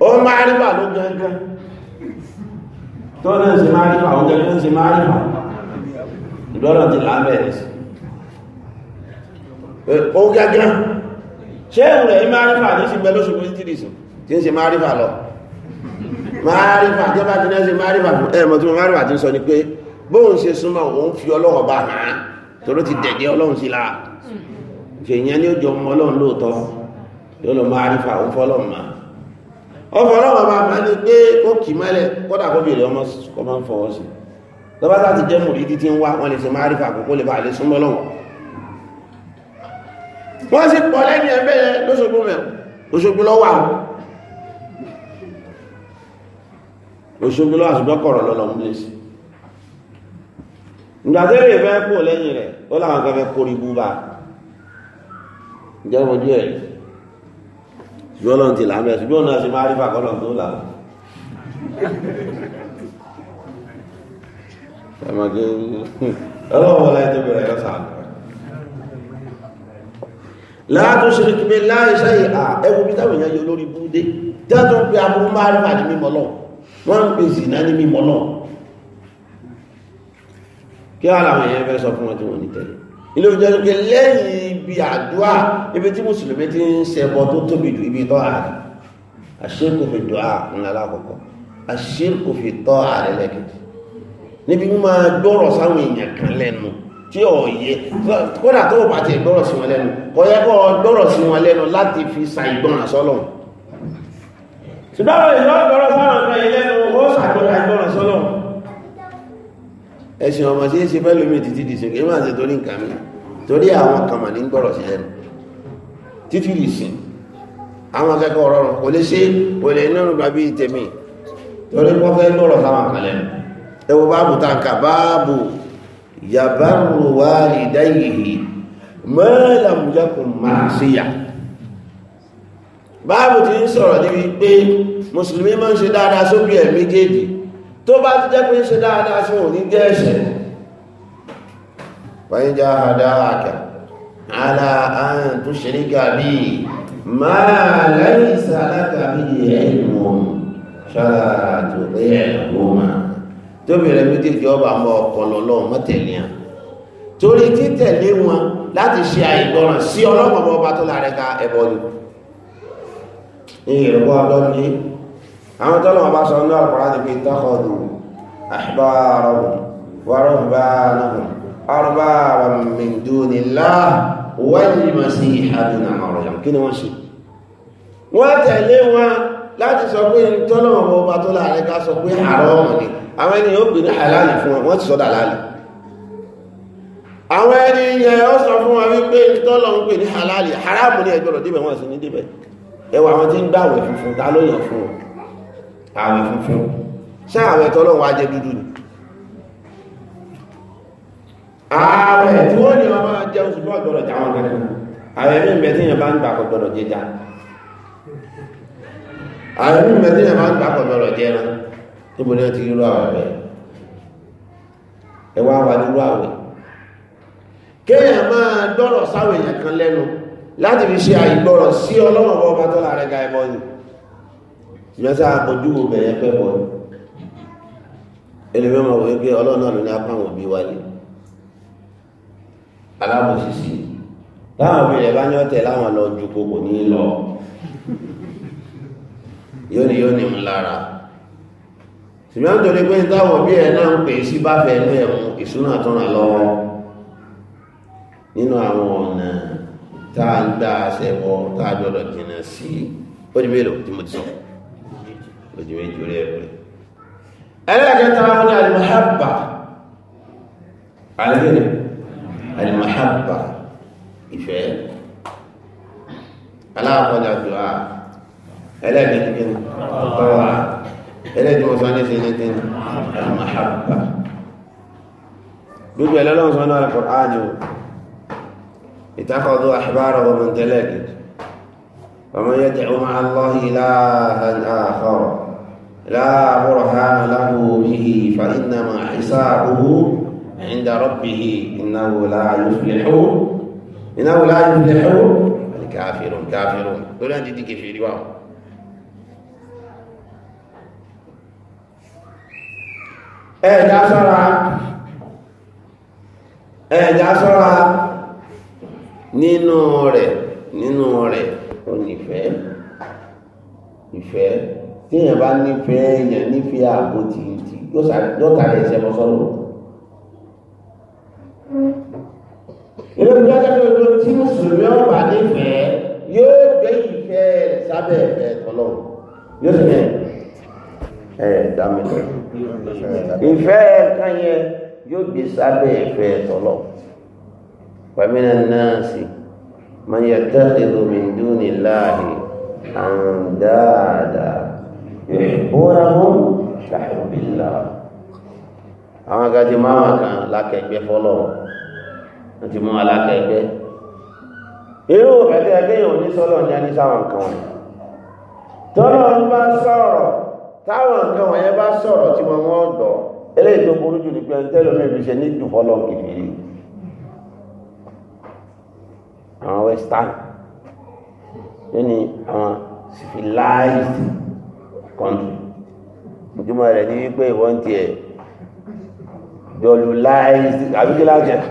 ó márífà ló
gángan tó náà ṣe máa rífà oúnjẹ tó ń ṣe máa rífà ìdọ́rọ̀ ti lábẹ̀rẹ̀ sí ó gẹ́gẹ́ ṣé ìrẹ̀ máa rífà ní sí gbẹ́ lóṣù pínstìrìsì tí ń ṣe máa rífà lọ máa rífà tí ó bá ti náà ṣe máa rífà fún ẹ̀mọ̀ tí mo máa rífà ti ń sọ ni pé ọfọ ọlọ́wọ́ bá máa ní pé kó kì mẹ́lẹ̀ kọ́dà kó bèèrè ọmọ kọ́ máa ń fọwọ́ sí lọ́bá láti jẹ́ mùrí títí ń wá wọ́n lè ṣe máa rí fàkókò lè bá lè súnmọ́ lọ́wọ́ wọ́n sì pọ̀ lẹ́ni ẹgbẹ́ lóṣogbo mẹ́ òṣogbo lọ́wọ́ àwọn òṣogbo lọ́wọ́ àṣùgbọ́n kọ̀rọ̀ lọ́lọ́ múlẹ̀sì ìgbàtẹ́rẹ̀ fẹ́ pọ̀ lẹ́yìn rẹ̀ ó láwọn kan ju ọlọ́run ti là ń bẹ̀ ṣùgbọ́n náà ṣe máa rí bàkọ́ lọ́n tó là ń. ọlọ́run wọlé tó bẹ̀rẹ̀ yọ sàn. láàtún ṣe kí mi láì ṣáyè à ẹwù bí táwọn èèyàn yọ lórí búdé dáàtọ̀ ń pe aburú máa rí màdí mímọ́ lọ wọ́n ń pe zìnà ní mímọ́ lọ kí wàá làwọn èèyàn fẹ́ sọ fún wọn tí wọ́n ní tẹ̀lé ilé ìjọ pé lẹ́yìn ibi àdúrà ibi tí mùsùlùmí ti ń ṣẹbọ tó tóbi jù ibi tọ́ ààrẹ àṣírkò fi dùn ààrẹ àkọ́kọ́ àṣírkò fi tọ́ ààrẹ lẹ́kẹ̀ẹ́ níbi mú máa gbọ́rọ̀ sáwọn èèyàn kan lẹ́nu tí ò yẹ kódà tó bá ti gbọ́rọ̀ sí wọn lẹ́nu kò yẹ kó gbọ́rọ̀ sí wọn lẹ́nu láti fi sa ìgbọràn sọ́lọ̀ ṣùgbọ́n ìlọ́gbọ́rọ̀ sáwọn ọ̀gbọ́n ìlẹ́nu ó ṣàgbọ́rọ̀ ìgbọràn sọ́lọ̀ ẹ̀sìn ọmọ sí ṣe fẹ́ lómi títí di ṣèké máa ṣe torí nǹkan mi torí àwọn kan mà ní gbọ́rọ̀ sí lẹ́nu títí di sìn àwọn akẹ́kọ̀ọ́ rọrùn kò lè ṣe kò lè nínú bàbí tèmi torí wọ́n fẹ́ lọ́rọ̀ sáwọn kan lẹ́nu báàbù tá báàbù yàbáàbù wà lè dá yìí mọ́làmùjákùn máa ṣíyà báàbù ti ń sọ̀rọ̀ níbi pé mùsùlùmí máa ń ṣe dáadáa sóbì ẹ̀ méjèèjì tó bá ti jẹ́ pé ń ṣe dáadáa sí òní jẹ́ ẹ̀ṣẹ̀ wáyé já àdáàkà ala an tushrika bi ma laysa laka bihi ilmun ṣára àtòrí ẹ̀hùnmá tó bẹ̀rẹ̀ méjèèjì ọba mọ́ ọpọlọ lọ́wọ́ mọ́tẹ̀lẹ́ à torí wọn láti ṣe àìgbọràn sí ọlọ́mọ̀bọ̀ tó lára àwọn tọ́lọ̀ wọn bá sọ ní Al-Qur'an ní pé tọ́kọ̀dù ahbarahum wa ruhbanahum arbaban min dunillah wal masiha ibn Maryam kí ni wọ́n ṣe wọ́n tẹ̀lé wọn láti sọ pé tọ́lọ̀ wọn bá àwọn ẹni yóò gbé fún wọn wípé tọ́lọ̀ pè ní halali haramu ní ẹgbẹ̀rọ̀ débẹ̀ wọn sì ní débẹ̀ ẹwà àwọn tí ń gbàwẹ̀ funfun ta ló yàn fún wọn ààrẹ funfun ṣe ààrẹ tọ́lọ́wọ́ ajẹ́ dúdú ni ààrẹ tí wọ́n ní ọmọ jẹ́ oṣù bọ́ gbọ́dọ̀ jà wọn kankan ààrẹ ní ìbẹ̀ tí yẹn bá ń gbà kọ̀ gbọ́dọ̀ jẹ já ààrẹ ní ìbẹ̀ tí yẹn bá ń gbà kọ̀ gbọ́dọ̀ jẹ rán níbo ni wọ́n ti rírọ àwẹ̀ bẹ́ẹ̀ ẹ wá wá rírọ àwẹ̀ kéèyàn máa dọ́rọ̀ sáwọn èèyàn kan lẹ́nu láti fi ṣe àìgbọ́rọ̀ sí ọlọ́run ọba tó lára ga ẹbọ yìí ìgbésẹ̀ àpọ̀jú wo bẹ̀rẹ̀ pẹ́ bọ̀ ẹni mẹ́mọ̀ wọ́n gbé ọlọ́run náà ní apá wọn bí wáyé alábòsísì láwọn òbí rẹ̀ bá ní ọ̀tẹ̀ láwọn lọ ju kòkò ní lọ yóò ní yóò ní mú lára ṣùgbọ́n nítorí pé táwọn òbí ẹ̀ náà ń pè sí báfẹ́ ẹnu ẹ̀ mú tó ràn lọ́wọ́ nínú àwọn ọ̀nà tá a ń dá aṣẹ́wọ́ tá a gbọ́dọ̀ jìnnà sí ó di mélòó tí mo ti sọ ojú méjì orí ẹ̀pẹ́ ẹlẹ́ẹ̀kẹta wọn ni alimahaba alimahaba alimahaba ìfẹ́ aláàkọ́jà tó a ẹlẹ́ẹ̀kẹta kí ni ọ̀tọ́wà ẹlẹ́ẹ̀kẹta ọ̀sán ní sẹ́yìn kí ni alimahaba gbogbo ẹlẹ́lọ́wọ́ sọ́nà alìkọ̀rán o مع الله إلها آخر لا برهان له به فإنما حسابه عند ربه إنه لا يفلح إنه لا يفلح الكافرون كافرون دول أنت دي كفير واو ẹ já ṣọ́ra ẹ já ṣọ́ra nínú rẹ̀ nínú rẹ̀ ó nífẹ̀ẹ́ ìfẹ́ téèyàn bá nífẹ̀ẹ́ èèyàn nífẹ̀ẹ́ ààbò tìǹtì yóò tà lẹ́sẹ̀ mọ́ sọ́nà. ilé ìjọ kẹ́kẹ́ ojú tí mùsùlùmí ọ̀bà nífẹ̀ẹ́ yóò gbé ìfẹ́ sábẹ́ ẹ̀fẹ́ tọ́lọ́ yóò sì yẹn ẹ̀ dàmí ìfẹ́ kan yẹn yóò gbé sábẹ́ ẹ̀fẹ́ tọ́lọ́ pẹ̀mínà náà sì man yattakhidhu min dunillahi andada ìrìnbóramọ́ làhùbìlà àwọn agadé máa kan lákẹgbẹ́ fọ́lọ̀ wọ́n ti mú alákẹgbẹ́ irú ẹ̀tẹ́ ẹgbẹ́yàn ní sọ́lọ̀ ní ẹni sáwọn kan wọ̀nyí tọ́lọ̀ ń bá sọ̀rọ̀ táwọn nǹkan wọ̀nyẹn bá sọ̀rọ̀ tí wọ́n wọ́n gbọ́ eléyìí tó burú jù ní pé ẹntẹ́lò náà fi ṣe ní country ìjùmọ̀ rẹ̀ ní wípé ìwọ́n ti ẹ̀ dọ̀lù lies àbíkí láti ẹ̀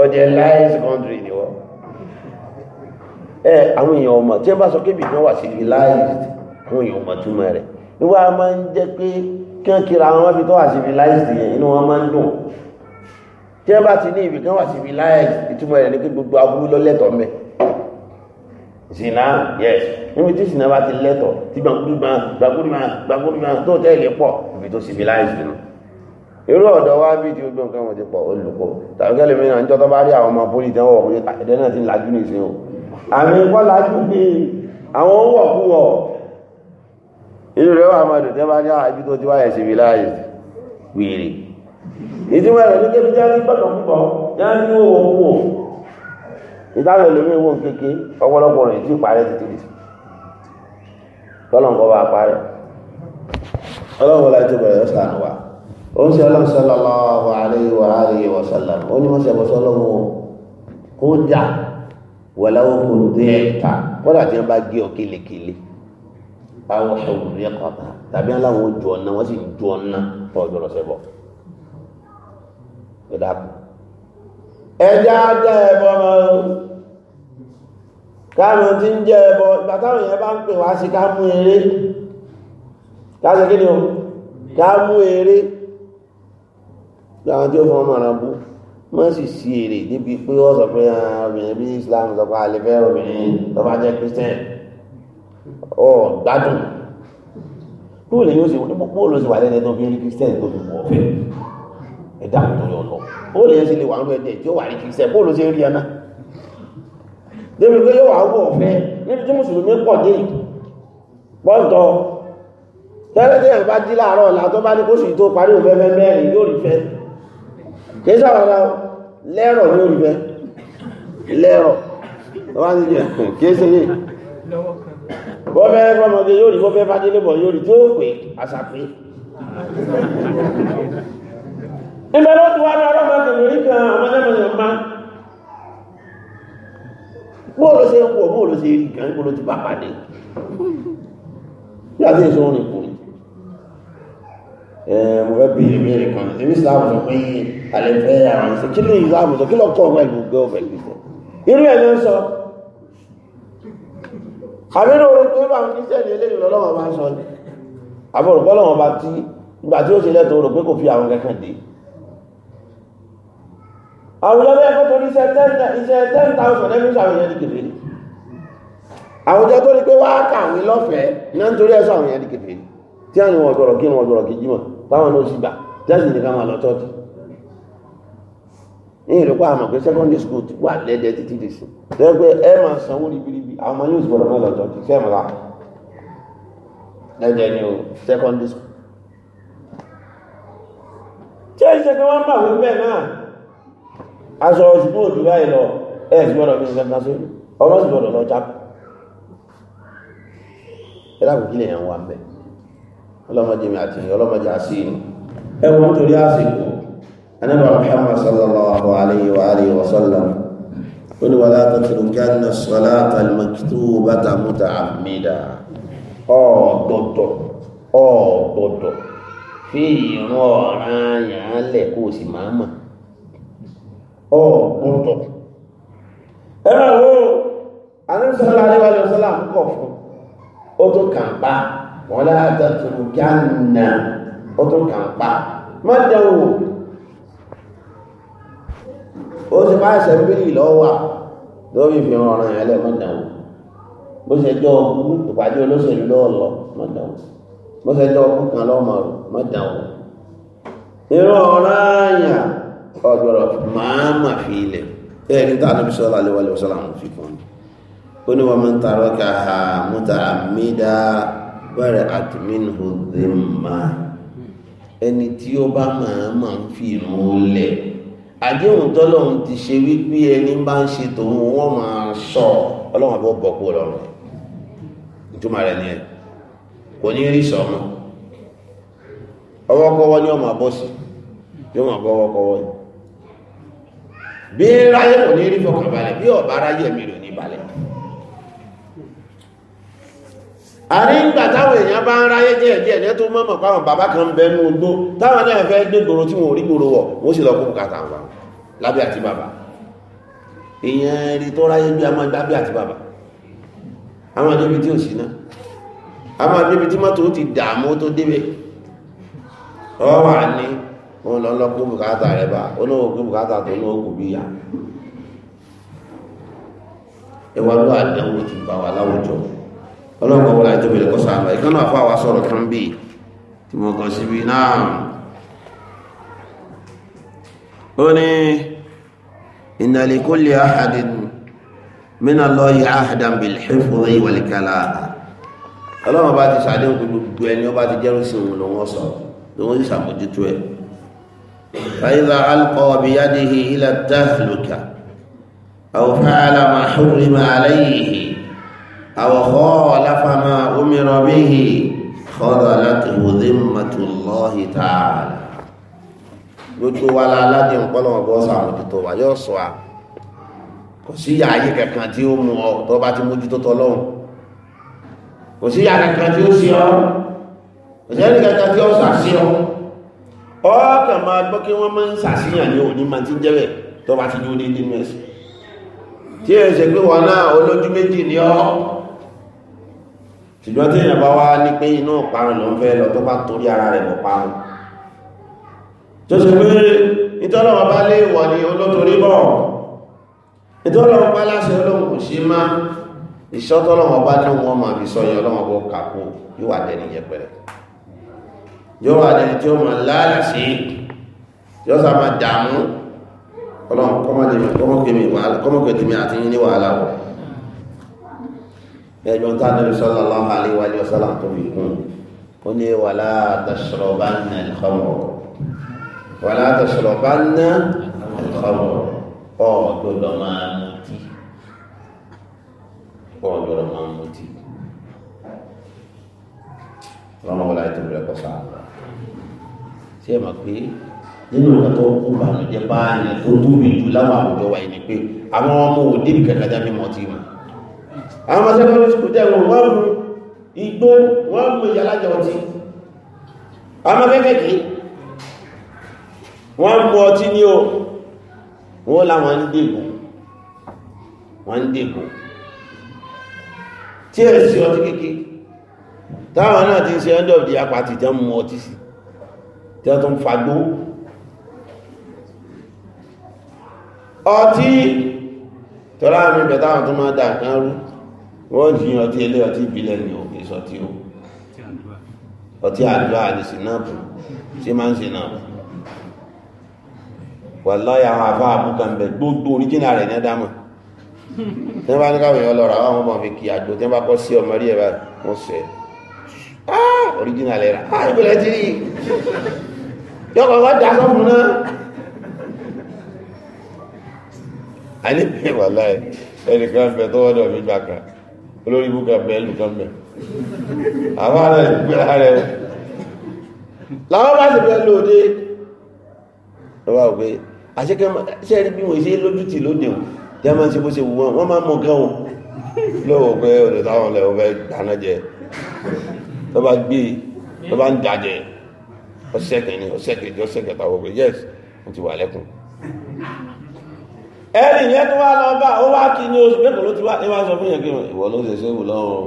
ọjẹ́ lies country ni wọ́n ẹ àwọn èèyàn ọmọ tí ẹ bá sọ kébì kan wà sí civilized àwọn èèyàn ọmọ túmọ̀ rẹ̀ níwá máa ń jẹ́ pé kí wọ́n kira àwọn ibi tó wà civilized yẹn inú wọn máa ń dùn tí ẹ bá ti ní ibi kan wà civilized ìtumọ̀ rẹ̀ ní pé gbogbo aburú lọ́lẹ́tọ̀ọ́ mẹ́ẹ̀ zina yes níbi tí zina bá ti lẹ́tọ̀ tí gbàgbúgbà gbàgbúgbà gbàgbúgbà tó tẹ́lẹ̀ pọ̀ ibi tó civilized nù irú ọ̀dọ̀ wa bí tí ó gbọ́n kan wọ́n ti pọ̀ olùkọ́ tàbí kẹ́lẹ̀ mìíràn níjọ́ tó bá rí àwọn ọmọ pólì tẹ́wọ̀ pé ẹ̀dẹ́ náà ti ń lajú nìsín o àmì kọ́ lajú pé àwọn ń wọ̀ kú wọ̀ inú rẹ̀ wà máa dùn tẹ́ bá rí àwọn ibi tó ti wáyẹ̀ civilized wèrè ìdí wọn rẹ̀ ní kébí jáde gbọ́dọ̀ púpọ̀ jáde ní òwò ìtàwọn ẹlòmíín wò kéke ọ̀pọ̀lọpọ̀ rẹ̀ tí parẹ́ títí di tọ́lọ̀ǹkọ́ bá parẹ́ ọlọ́run láti tó bẹ̀rẹ̀ ọ̀sán wa ó ń ṣe ọlọ́run sallallahu alaihi wa alihi wa sallam ó ní mọ́ṣẹ́ bọ́sọ́ lọ́wọ́ kó jà wọ̀láwọ́ kò dé ẹ̀ta kódà tí wọ́n bá gé ọ kélékélé báwọn ọ̀rùn yẹ kọ̀ọ̀tà tàbí aláwọ̀ ojú ọ̀nà wọ́n sì ju ọ̀nà tọ́jú sẹ́bọ̀ ó dàpọ̀ ẹjá jẹ́ ẹbọ mọ́ káàmù tí ń jẹ́ ẹbọ ìgbà táwọn èèyàn bá ń pè wá sí káàmù eré káàsì kí ni o káàmù eré láwọn tí ó fọ́n mọ̀ràn bú wọ́n sì sí èrè níbi pé wọ́n sọ pé ah, obìnrin bí Islam sọ pé alẹ́fẹ́ obìnrin tó jẹ́ Christian ọ gbádùn kúrò lè yóò sì wọ́n ní pọ́ọ̀lù sì wà lẹ́nu Christian tó fi wọ́ fẹ́ ẹ̀dá àtọ̀yọ̀ lọ ó lè ṣe lè wà ní ẹ̀dẹ̀ tí ó wà ní kìí sẹ́ bóòlù ṣe rí ẹ̀nà débi pé yóò wà wọ́ ọ̀fẹ́ níbi tí mùsùlùmí pọ̀ dé pọ́ntọ́ tẹ́lẹ́tẹ́ ẹ̀ bá jí láàárọ̀ ọ̀la bá ní kóṣù tó parí òun mẹ́rin yóò rí fẹ́ ìgbẹ́ ló ti wá ní ọlọ́mọ kẹlẹ́rí kan àwọn ẹlẹ́mọ̀ọ́yàn máa bóòlù ṣe ń pọ̀ bóòlù ṣe rí kan bóòlù ti bá pàdé bí àti èso rìn kù ẹ mo fẹ́ bí ìbéèrè kan èmi sáàmù sọ pé alẹ́ fẹ́ àwọn ìṣe kí ló ìsáàmù sọ kí ló kọ́ ọ̀gbẹ́ ìlú gbé ọ̀fẹ́ ìlú irú ẹ̀ ló ń sọ àbẹ́rẹ́ orin pé bá ń kí sẹ́ni eléyìí lọ́lọ́wọ́ bá ń sọ ni àbọ̀rùpọ̀ lọ́wọ́ bá ti ìgbà tí ó ṣe lẹ́tọ̀ọ́ rò pé kò fi àwọn kankan dé àwùjọ bẹ́ẹ̀ kó torí iṣẹ́ ten thousand ẹgbẹ́ sàwọn yẹn di kèfèrí àwùjọ tó rí pé wá kàwé lọ́fẹ̀ẹ́ iná nítorí ẹ̀sọ́ àwọn yẹn di kèfèrí tí àwọn ìwọ̀n ọ̀dọ̀rọ̀ kí wọn ọ̀dọ̀rọ̀ kí jímọ̀ táwọn náà sì gbà jáde nìkan máa lọ tọ́jú ní ìrọ̀pá àmọ̀ pé secondary school ti wà lẹ́dẹ̀ títí dì sí lẹ́gbẹ́ ẹ máa sanwó ribiribi àwọn ọmọ yóò sì gbọ́dọ̀ máa lọ tọ́jú sẹ́mi la lẹ́dẹ̀ ni o secondary school tí ó ń ṣe pé wọ́n bà wí bẹ́ẹ̀ náà aṣọ ṣùgbọ́n òjò báyìí lọ ẹ̀ sì gbọ́dọ̀ fi nǹkan kan sí ọmọ sì gbọ́dọ̀ lọ jápù ẹ láàbò kí lèèyàn wà mẹ́ ọlọ́mọdé mi àti ọlọ́mọdé àṣì ẹ wọ́n torí àsìkò anábà Muhammad sallallahu alayhi wa alihi wa sallam ó ní wàlá tó tìrù gánà sọlá tàlmọ̀kító bàtà múta àmìdá fi ìrún ọ̀ràn yàn án lẹ̀ kó o sì ọ̀gbọ́dọ̀ ẹ̀rọ wo anúṣọ́lá aléwájú ọ̀sọ́lá ń kọ̀ fún ó tó kàǹpá wọ́n láàtà tó gánà ó tó kàǹpá má dẹ̀wò ó sì máa ṣẹ̀ bílì lọ́wà lórí ìfihàn ọ̀ràn ìyálẹ̀ má dẹ̀wò bó ṣe jọ ọkùn ìpàdé olóṣèlú lọ́ọ̀lọ́ má dẹ̀wò bó ṣe jọ ọkùn kan lọ́mọ rẹ̀ má dẹ̀wò ìran ọgbọ̀rọ̀ máa mà fi ilẹ̀ ẹni tá ànábì sọ́lá alẹ́ wàlẹ́ wọ́sọ́lá àwọn fi kan ó ní wọn máa ń tarọ́ ká ha múta àmìdá bẹ̀rẹ̀ àtìmínú dèmà ẹni tí ó bá máa máa ń fi irun lẹ̀ àdéhùn tọ́lọ́run ti ṣe wípé ẹni bá ń ṣe tòun wọ́n máa sọ ọlọ́run àbọ̀ bọ̀ kó lọ́rùn ẹ̀ rẹ̀ ni ẹ̀ kò ní rí sọ́mọ́ ọwọ́kọ́wọ́ ni ọmọ àbọ̀sí yóò máa bọ́ ọwọ́kọ́wọ́ yìí bí ráyé kò ní rí fọkànbalẹ̀ bí ọ̀bá ráyé ẹ̀mí rẹ̀ ní balẹ̀ àrí ìgbà táwọn èèyàn bá ń ráyé díẹ̀ díẹ̀ ní tó mọ́mọ̀ pàwọn bàbá kan bẹ ní ogbó táwọn náà fẹ́ dé gbòrò tí wọ́n rí gbòrò wọ̀ wọ́n sì lọ kó bùkátà wà lábẹ́ àti bàbá èèyàn rí tó ráyé bí a máa gbábẹ́ àti bàbá a máa débi tí ò sí náà a máa débi tí mọ́tò ó ti dààmú tó débẹ̀ ọ wà ní òun lọ lọ kó bùkátà rẹ bá olówó kó bùkátà tó olówó kò bí ya ìwà ló àdánwò ti bá wa láwùjọ ọlọ́pàá wọlé àti tóbi lẹ́kọ́ sáà lọ ìkànnà àfa wa sọ̀rọ̀ kan bí tí mo kàn síbi náà ó ní ìnàlẹ́kọ́ lè àhàdì mínà lọ yí àhàdà bìlì hifdhi wal kalam ọlọ́pàá bá ti sàdéhùn gbogbo ẹni ó bá ti jẹ́rù sí òun lòun ọ̀sọ̀ lòun sì sàmójútó ẹ̀ فإذا ألقى بيده إلى التهلكة أو فعل ما حرم عليه أو خالف ما أمر به خذلته ذمة الله تعالى gbogbo wa la aládé ń pọ́nà ọgbọ́n sọ àwọn òtítọ́ wa yóò sọ à kò sí ìyà kankan tí ó mú ọ tó bá ti mójútó tọlọ́hun kò sí ìyà kankan tí ó sí ọ
kò sí ẹnì kankan tí ó sà sí ọ
ọkàn máa gbọ́ kí wọ́n máa ń sàṣíyàn ní òní máa ti ń jẹ́rẹ̀ tó bá ti dúró ní nínú ẹ̀sìn tí ẹ̀ ṣe pé wọn náà olójú méjì ní ọ́ ṣùgbọ́n tí èèyàn bá wá ní pé inú ọ̀parun ló ń fẹ́ lọ tó bá torí ara rẹ̀ mọ̀ parun tó ṣe pé ìtọ́lọ́wọ́ bá lé ìwọ̀ ni olótorí bọ̀ ìtọ́lọ́wọ́ bá láṣẹ olóhun kò ṣe má ìṣọ́tọ́lọ́wọ́ bá ní yóò wà ní tí ó mọ̀ láàrín sí yóò sá máa dààmú ọlọ́run kọ́mọ́gbẹ̀mí àti yín ní wàhálà wọ̀ ẹjọ́ tá nàbí sallallahu alaihi wa sallam tó fi kún ó ní wala tashrabanna al-khamr wala tashrabanna al-khamr ọ̀gbọ́dọ̀ máa mutí ọ̀gbọ́dọ̀ máa mutí lọ́nà wọlé tó rẹ̀ kọ́ sáà tí ẹ mọ̀ pé nínú ìgbà tó kú bànújẹ́ bá ní tó tóbi jù láwọn àwùjọ wa ni pé àwọn ọmọ òde kẹkẹ jáde mọ ti mọ àwọn ọmọ sẹkọndì sùkúl jẹ wọn wọn mú igbó wọn mú ìyálàjẹ ọtí àwọn ọmọ kékèké wọn mú ọtí ní o wọn làwọn ń dìbò wọn ń dìbò tí ẹ sì ọtí kéke táwọn náà ti ń ṣe end of the apá ti jẹ́ mú ọtí sí i tí wọ́n tún fagbó ọtí tọ́lá mi bẹ̀tá àwọn tó máa dà kan rú wọ́n jí ọtí ilé ọtí ìbílẹ̀ ní òkè sọtí o ọtí àdúrà ní sinapu ṣe máa ń sinapu wà lọ́yà àwọn àfá àbúkà ń bẹ gbogbo oríjìnà rẹ̀ ní ẹ̀dámọ̀ tí wọ́n bá ní káwọn èèyàn àwọn ọmọ yọ́kọ̀ wá dá sọ́fún náà a ní pé wà láì ẹnìkan bẹ̀ tó wọ́dọ̀ mi gbà kan olórí búkà bẹ̀ ẹlùkan bẹ̀ àwọn ará ìgbé ààrẹ láwọn bá sì fẹ́ lóde lọ́wọ́ òpé àṣẹ́kẹ́ bí wọ́n ṣe lójútì lóde wọn tí a máa ṣe bó ṣe wọ́n wọ́n máa mọ̀ gan wọn lọ́wọ́ pé ọ̀dọ̀ táwọn lẹ́wọ́ fẹ́ dáná jẹ bá gbé tó bá ń dájẹ́ ọ̀sẹ̀ kẹni ọ̀sẹ̀ kejì ọ̀sẹ̀ kẹta wọ́pẹ́ yes n ti wà lẹ́kùn ẹni yẹn tó wá lọ bá ó wá kí ní oṣù mẹ́kọ̀ọ́ ló ti wá ní wá sọ fún yẹn kí ìwọ ló ṣe ṣéwù lọ́rùn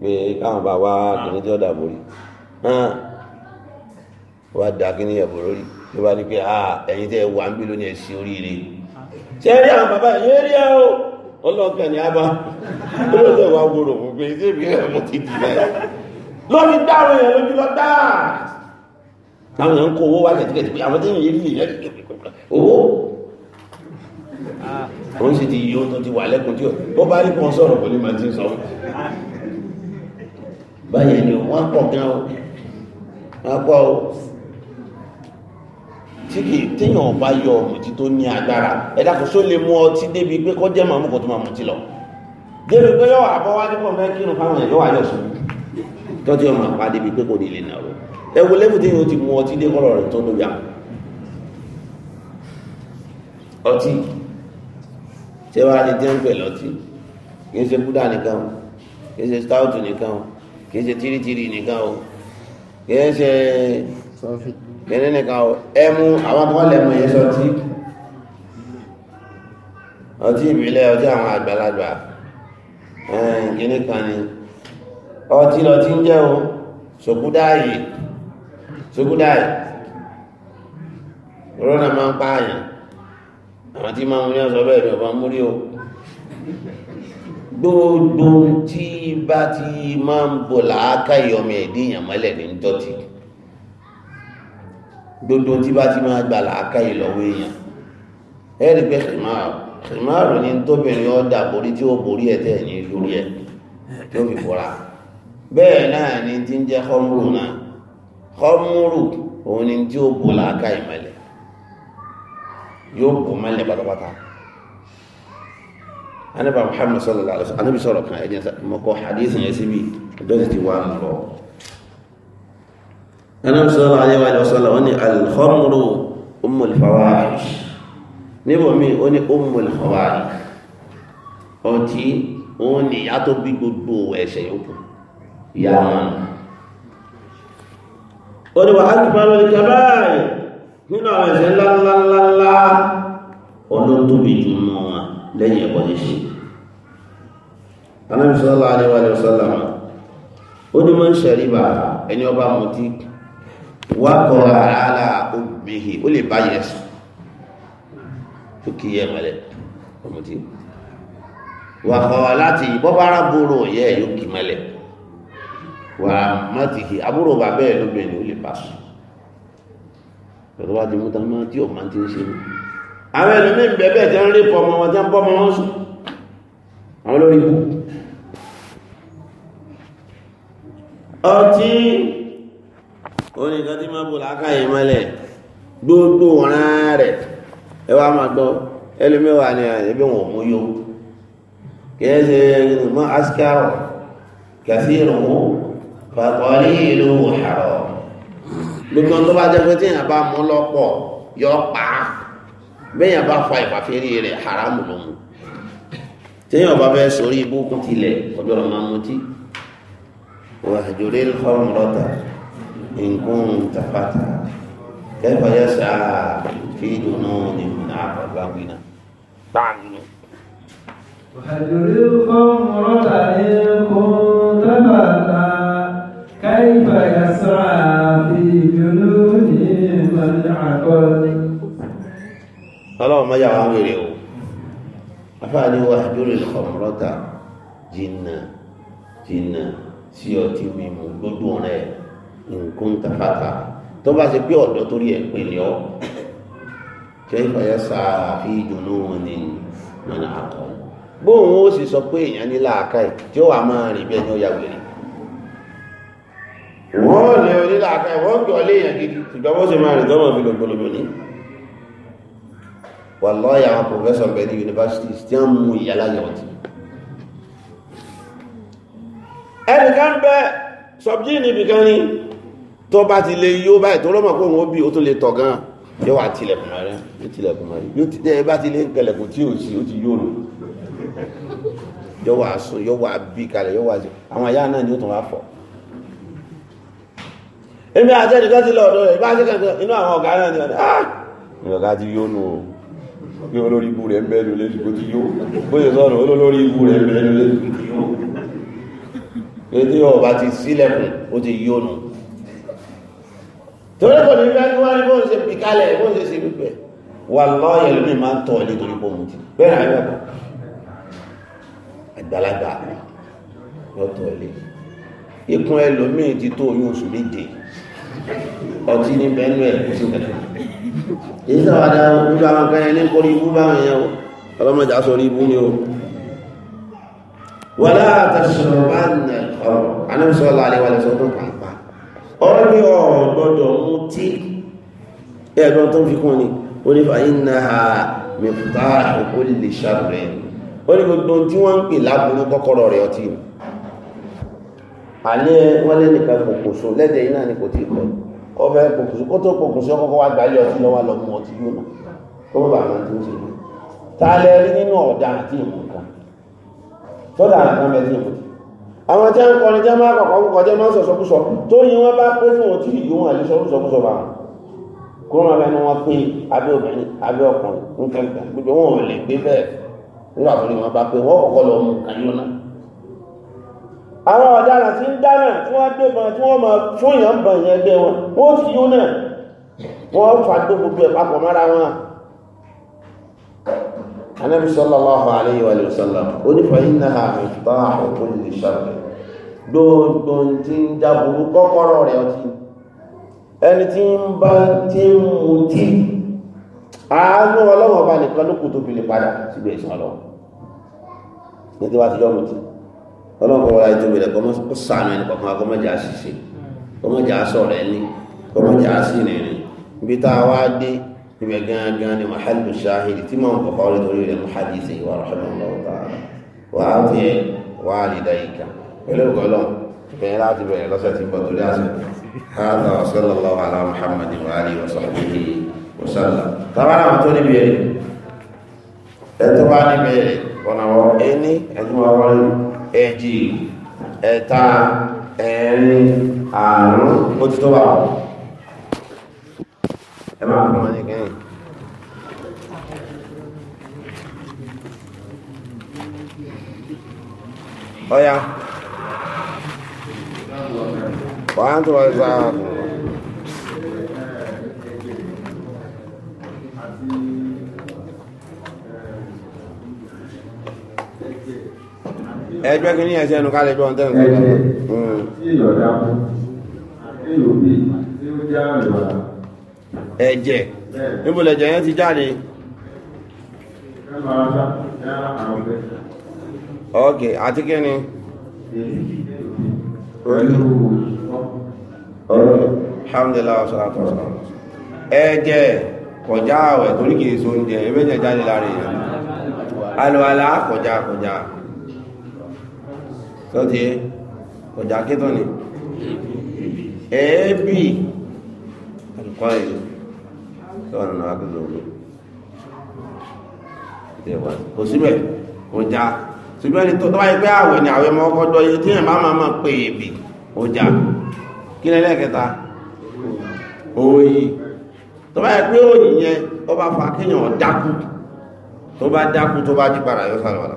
pé káwọn bá wá kìíní tí ó dà borí wá da kìíní yẹn borí ló bá ní pé ẹ̀yin tẹ́ wà ń bí lónìí ẹ̀ sí oríire ṣé rí àwọn bàbá yẹn rí ẹ o ọlọ́kàn ní abá olóòtú ẹ̀wà gbòòrò fún pé ṣé ìbílẹ̀ mo ti dì náà lórí dáhùn yẹn lójú lọ dáa táwọn èèyàn ń kó owó wá kẹ̀tíkẹ̀tì pé àwọn téèyàn yìí nìyẹn owó òun sì ti yí ohun tó ti wà lẹ́kùn tí ó bó bá rí kan sọ̀rọ̀ kò ní máa ti sọ o wọ́n o tí kì í téèyàn bá yọ ọ̀mùtí tó ní agbára ẹ̀dá kò só lè mú ọtí débi pé kọ́ jẹ́ màmú kò tó máa mutí lọ débi pé yọ àbọ̀wá dípò mẹ́kínú fáwọn èèyàn ẹwọ lẹ́bù tí yóò ti mú ọtí dé kọ́rọ̀ rẹ̀ tó ń lóyà ọtí ṣé wàá ní tẹ́ńpẹ̀ lọ́tí kì í ṣe kúdà nìkan o kì í ṣe stout nìkan o kì í ṣe tìrìtìrì nìkan o kì í ṣe kìíní nìkan o ẹmu àwọn kan lẹ́mu yẹn sọtí ọtí ìbílẹ̀ ọtí àwọn àgbàlagbà kìíní kan ni ọtí lọtí ń jẹ́ o ṣòkúdà yìí ṣogúdáì rọ́nà máa ń pààyàn àwọn tí máa ń rí ọ̀sọ̀ bẹ́ẹ̀ ni ọba múrí o gbogbo tí bá ti máa ń bò láákà ìyọmọ ẹ̀dínyàn mọ́lẹ̀ ní dọ́tí gbogbo tí bá ti máa gbà láákà ìlọ́wọ́ èèyàn ẹ̀rí pé ṣìmáàrù ṣìmáàrù ní tóbìnrin ọ̀dà borí tí ó borí ẹ̀ tẹ̀ ní lórí ẹ̀ tó fi bọ́ra bẹ́ẹ̀ náà ni ti ń jẹ́ kọ́mùrù náà kọ́múrù òun ni tí ó bò láàká ìmọ̀lẹ̀ yóò bò mọ́lẹ̀ pátápátá anábà Muhammad sallallahu alaihi wasallam anábì sọ̀rọ̀ kan ẹ̀jẹ̀ mọ́kọ́ hadith yẹn síbi ìdọ́sí ti wà mọ́ lọ anábì sallallahu alaihi wasallam wọn ni al-khamru ummul fawahish níbo mi ó ní ummul fawahish ọtí òun ni ìyá bí gbogbo ẹ̀ṣẹ̀ yòókù ìyá wọn ó ní wà á ti parọ́ ní kabáyì nínú àwọn ẹ̀ṣẹ̀ ńláńláńláńlá ọlọ́tóbi jù mọ́ wọn lẹ́yìn ẹ̀kọ́ ní ṣe anábì sọ́lá àdéhùn àdéhùn sọ́lá ó ní mọ́ ń ṣẹ̀rí bá ẹni ọba mutí wà kọ́ra ara obìnrin ó lè bá yẹn sùn wà kọ́ láti ìbọ́ bára ó lè bá sùn pẹ̀lú wá ti mú tán máa tí ò máa ti ń ṣe àwọn ẹlòmí ń bẹ̀bẹ̀ tí ń rí pọ̀ ọmọ wọn tí ń bọ́ ọmọ wọn sùn àwọn lórí ikú ọtí oníkan tí máa bò lákàyè mọ́lẹ̀ gbogbo ọ̀ràn rẹ̀ ẹ máa gbọ́ ẹlòmí wà ní ẹbí wọn mú yó kìí ṣe mọ́ askaro kàfíìrù pàtàkì ìlú àrọ̀ gbogbo tó bá jẹ́ pé tí èèyàn bá mú lọ́pọ̀ yọ pa á béèyàn bá fa ìpàfẹ́rí rẹ̀ haramu ló mu téèyàn bá fẹ́ sórí ibùkún tilẹ̀ ọjọ́ ọmọ mutí wàhàjòrè lọ́rùn lọ́ta nǹkan tàfàtà kẹfà yẹ sáà fi dùnú ní àbàbà wíná báàmì. wàhàjòrè lọ́rùn lọ́ta nǹkan tàfàtà kẹfà ọlọ́run mọ́jà wá wèrè o afáàní wa àjòrè lọ́mọ́rọ́ta jìnnà jìnnà sí ọtí mímu gbogbo rẹ̀ nǹkan tàfàtà tó bá ṣe pé ọ̀dọ́ torí ẹ̀ pè ní ọ́ ṣé ìfàyà sáà fi ìdùnnú wọn ni àkọ́ bóun ó sì sọ pé èèyàn ní làákàyè tí ó wà máa rìn onílà àká ìwọ́n gbọ́ léèyàn gidi ṣùgbọ́n wọ́n sì máa rìn tọ́mọ̀ fi lọ́gbọ̀lọ́gbọ̀ ní wà professor bẹ̀ ní universities tí wọ́n mú ìyáláyà ọtí ẹnìkan bẹ sọbjí níbi kan ní tó bá ti lè yóò báyìí tó lọ́mọ̀ pé òun ó bí ó tún lè tọ̀ gan yóò wà tilẹ̀kùn mọ́rẹ́ yóò tilẹ̀kùn mọ́rẹ́ yóò ti dẹ́ bá ti lè kẹlẹ̀kùn tí ò èmi àti ẹnìkan ti lọ ọ̀dọ̀ rẹ̀ bá jẹ́ kẹ́kẹ́ inú àwọn ọ̀gá náà ni ọ̀dọ̀ ah ọ̀gá ti yóò nù o pé olórí ibu rẹ̀ ń bẹ́ lulẹ̀ kò ti yóò bó ṣe sọ́nà olórí ibu rẹ̀ ń bẹ́ lulẹ̀ kò ti yóò pé tí ọba ti sílẹ̀kùn ó ti yóò nù torí kò ní bá wá ní bó ń ṣe fi kálẹ̀ bó ń ṣe ṣe wípé wà lọ́ọ̀yẹ̀ lónìí máa ń tọ̀ ilé torí bó mu ti bẹ́ẹ̀ náà yóò àgbàlagbà yóò tọ̀ ilé ikùn ẹlòmíì ti tó oyún oṣù méje ọtí ní bẹ́ẹ̀lú ẹ̀ èyí sàwádà gbogbo àwọn kan ẹni kórí ibú báwọn èèyàn o ọlọ́mọdé aṣọ orí ibú ni o wà látàṣọ̀rọ̀ bá nà ọ̀rọ̀ anábìsọ̀ láàrin wà lẹ́sọ̀ tó pàpà ọ̀rọ̀ ní ọ̀rọ̀ gbọ́dọ̀ tó ń fi ni ó ní fàyín na ha mẹ́fùtá òkú lè ṣàrẹ̀ ó ní gbogbo tí wọ́n ń pè àní wọ́n lé nìkan pòkòsò lẹ́dẹ̀ iná ni kò tí pẹ̀ kọ́ fẹ́ pòkòsò kó tó pòkòsò ọkọ̀ wá gbálẹ̀ ọtí lọ́wọ́ lọ mú ọtí yóò nà kó bá àwọn tó ń ṣe ní tààlẹ̀ rí nínú ọ̀dà àti ìmọ̀kan sọ́dà àwọn ọmọ ẹ̀dí ìmọ̀tí àwọn tí a ń kọrin jẹ́ máa kọ̀kọ́ kọ̀kọ́ jẹ́ máa ń sọ̀sọ̀kúsọ tó yí wọ́n bá pé fún òtí ìwọ̀n àti sọ̀sọ̀kúsọ bá wọn kó rán abẹ́nu wọn pín abẹ́ obìnrin abẹ́ ọkùnrin nǹkan gbogbo wọn ò lè gbé bẹ́ẹ̀ nígbà tó ní wọn bá pé wọ́n kọ̀kọ́ lọ mú kàyọ́nà àwọn ọ̀daràn tí ń dáná tí wọ́n gbébọn tí wọ́n mọ̀ fún èèyàn bọ̀ yẹn gbé wọn wọ́n ti yóò náà wọ́n fàgbé gbogbo ẹ̀ papọ̀ mọ́ra wọn anabi sallallahu alayhi wa sallam onífà iná àmì fáàhù kó lè ṣàbẹ̀ gbogbo tí ń jaburú kọ́kọ́rọ́ rẹ̀ ọtí ẹni tí ń bá tí ọlọ́run kọ́ wọlé ajé wẹ̀rẹ̀ kọ́ sànù ẹni kọ̀ọ̀kan kọ́ mọ̀jà àṣìṣe kọ́ mọ̀jà àṣọ̀rọ̀ ẹni kọ́ mọ̀jà àṣìrìnrìn ibi tá a wá dé ibẹ̀ gangan ni mahalu shahidi tí màá kọ̀kọ́ rẹ̀ torí rẹ̀ mahadi ṣe wà rahmanallahu ta'ala wà á tiẹ̀ wà á lè dá ìka pẹ̀lú ọgọ́lọ́ bẹ̀rẹ̀ láti bẹ̀rẹ̀ bá níbi ẹ̀rẹ̀ ọ̀nà wọ ẹni ẹ̀ tó wà wọlé èjì ẹ̀ta ẹ̀rin àrùn ó ti tó bá wọn ẹ máa fún wọn ní kẹ́yìn ọ̀ya wàá tó wá sáà fún wọn. ẹgbẹ́ kí ní ẹ̀sẹ̀ ẹnu kálẹ̀ gbọ́n tẹ́nu kálẹ̀ ẹ̀jẹ̀ níbùlẹ̀ jẹ̀ yẹn ti jáde ok àti kí ni alhamdulillah wa salatu wa salam ẹ̀jẹ̀ kọjá àwẹ̀ torí kìí so oúnjẹ ẹgbẹ́jẹ̀ jáde láàrin ìyẹn alùwàlá kọjá kọjá sọ́tí ẹ́ ọ̀dá kítọ́ ni ẹ̀ẹ́bì alùkọ́ ìlú sọ́ọ̀nà náà kí lóòrò kò síbẹ̀ ọjà síbẹ̀ ni tó báyìí pé àwẹ̀ ni àwẹ̀ mọ́ ọkọ̀ dọ́yẹ tí yẹn bá máa máa pè èbì ọjà kí lẹ́lẹ́ kẹta oyin tó báyìí pé oyin yẹn ó bá fa kéèyàn dákú tó bá dákú tó bá jí padà yóò sàlọ́wọ́lá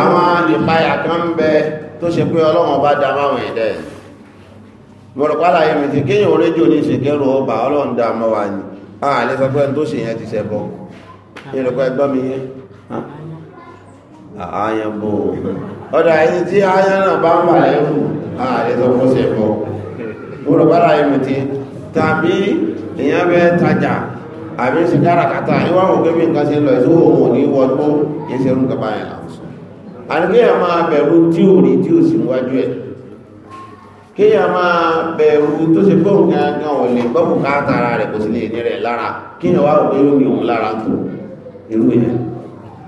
àwọn ìpayà kan ń bẹ tó ṣe pé ọlọ́wọ́n bá dá máwọn ẹ̀dẹ́ mọ̀rọ̀pálá ìrìntì kíyàn oréjò ní ìṣèkẹ́rù ọba ọlọ́run dá mọ́ ní àà lè tó ṣe yẹn ti ṣẹbọ ìrìnkọ́ ẹgbọ́ mi yẹn àáyàn bò ọ̀dà ẹni tí àáyàn náà bá ń wà lẹ́rù àà lè sọ pé ṣẹbọ mọ̀rọ̀pálá ìrìntì tàbí èèyàn àmì ń sì dára kàtà ìwọ̀n òkè bí nǹkan ṣe lọ ìṣòwò òun ní wọ́gbọ́n yẹn ṣe rúkà báyìí láwùsọ àníkéyàn máa bẹ̀rù tí ò rí tí ò sí níwájú ẹ̀ kéyàn máa bẹ̀rù tó ṣe pé òun gangan ò lè gbọ́ bùkátà ara rẹ̀ kò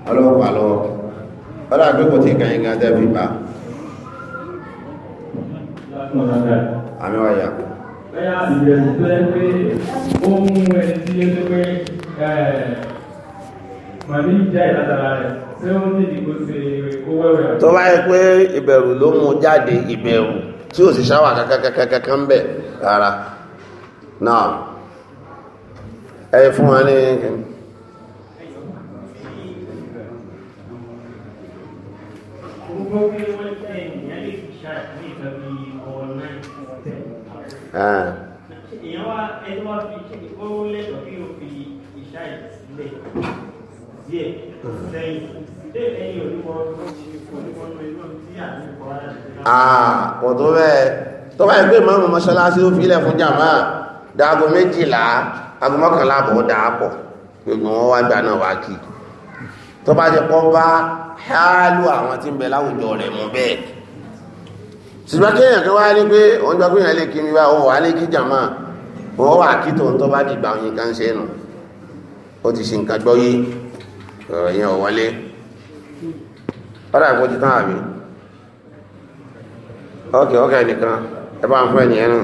ọlọ́pàá lọ́wọ́ ọlọ́pàá pé kò tí kan yín bá àmì wáyà ya ìrẹ̀lẹ̀ pé ohun ẹni tí èèyàn ah. ah, tó bẹ́ẹ̀ tó bá yẹ pé mọ́mọ́ mọ́ṣáláṣí ó fi fún jàmbá dáago méjìlá aago mọ́kànlá àbọ̀ dàápọ̀ gbogbo wọn wá gbà náà wá kí tó bá jẹ pọ́ bá hálù àwọn tí ń bẹ láwùjọ rẹ̀ mọ́ bẹ́ẹ̀ ṣùgbọ́n kí èèyàn kan wá ní pé wọ́n jọ pé èèyàn lè kí mi bá wọn wà lè kí jàmá wọn wà kí tòun tó bá dìgbà òyìn kan ṣe nù ó ti ṣe nǹkan gbọ́ yí ọ̀rọ̀ yẹn ò wọlé ọ̀rọ̀ àgbójú ọkẹ̀ ọkẹ̀ nìkan ẹ fún ẹnìyẹn náà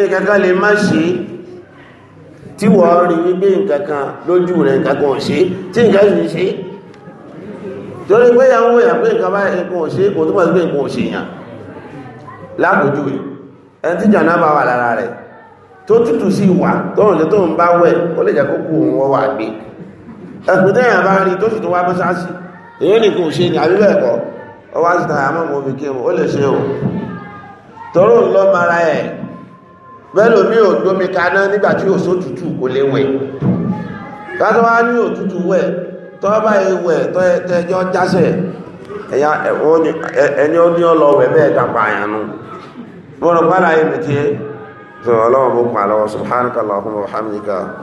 ìkankan lè má ṣe tí wọ́n rí wípé nǹkankan lójú rẹ̀ nǹkankan ṣe tí nǹkan sì ṣe torí pé yà ń nǹkan bá ṣe kò tó bá nǹkan ṣe yàn lágbójú rẹ̀ ẹni tí jàǹdà bá wà lára rẹ̀ tó tútù sí wà tó ń bá wẹ̀ ó lè kú gbé bá rí tó sì tó wá sáàsì èyí nìkan ṣe àbí bẹ́ẹ̀ kọ́ ọwá sí tàyà mọ́ mọ́ fi kí ó lè ṣe ò bẹ́ẹ̀ lómi na gbómi kaná nígbà tí ò sótútù kò lè wẹ̀ láti wá ní òtútù wẹ̀ tọ́ bá ewẹ̀ tẹ́jọ́ jásẹ̀ ẹni ó ní ọlọ wẹ̀ bẹ́ẹ̀ dàpọ̀ àyànú mọ́rọ̀ pàdà yìí mi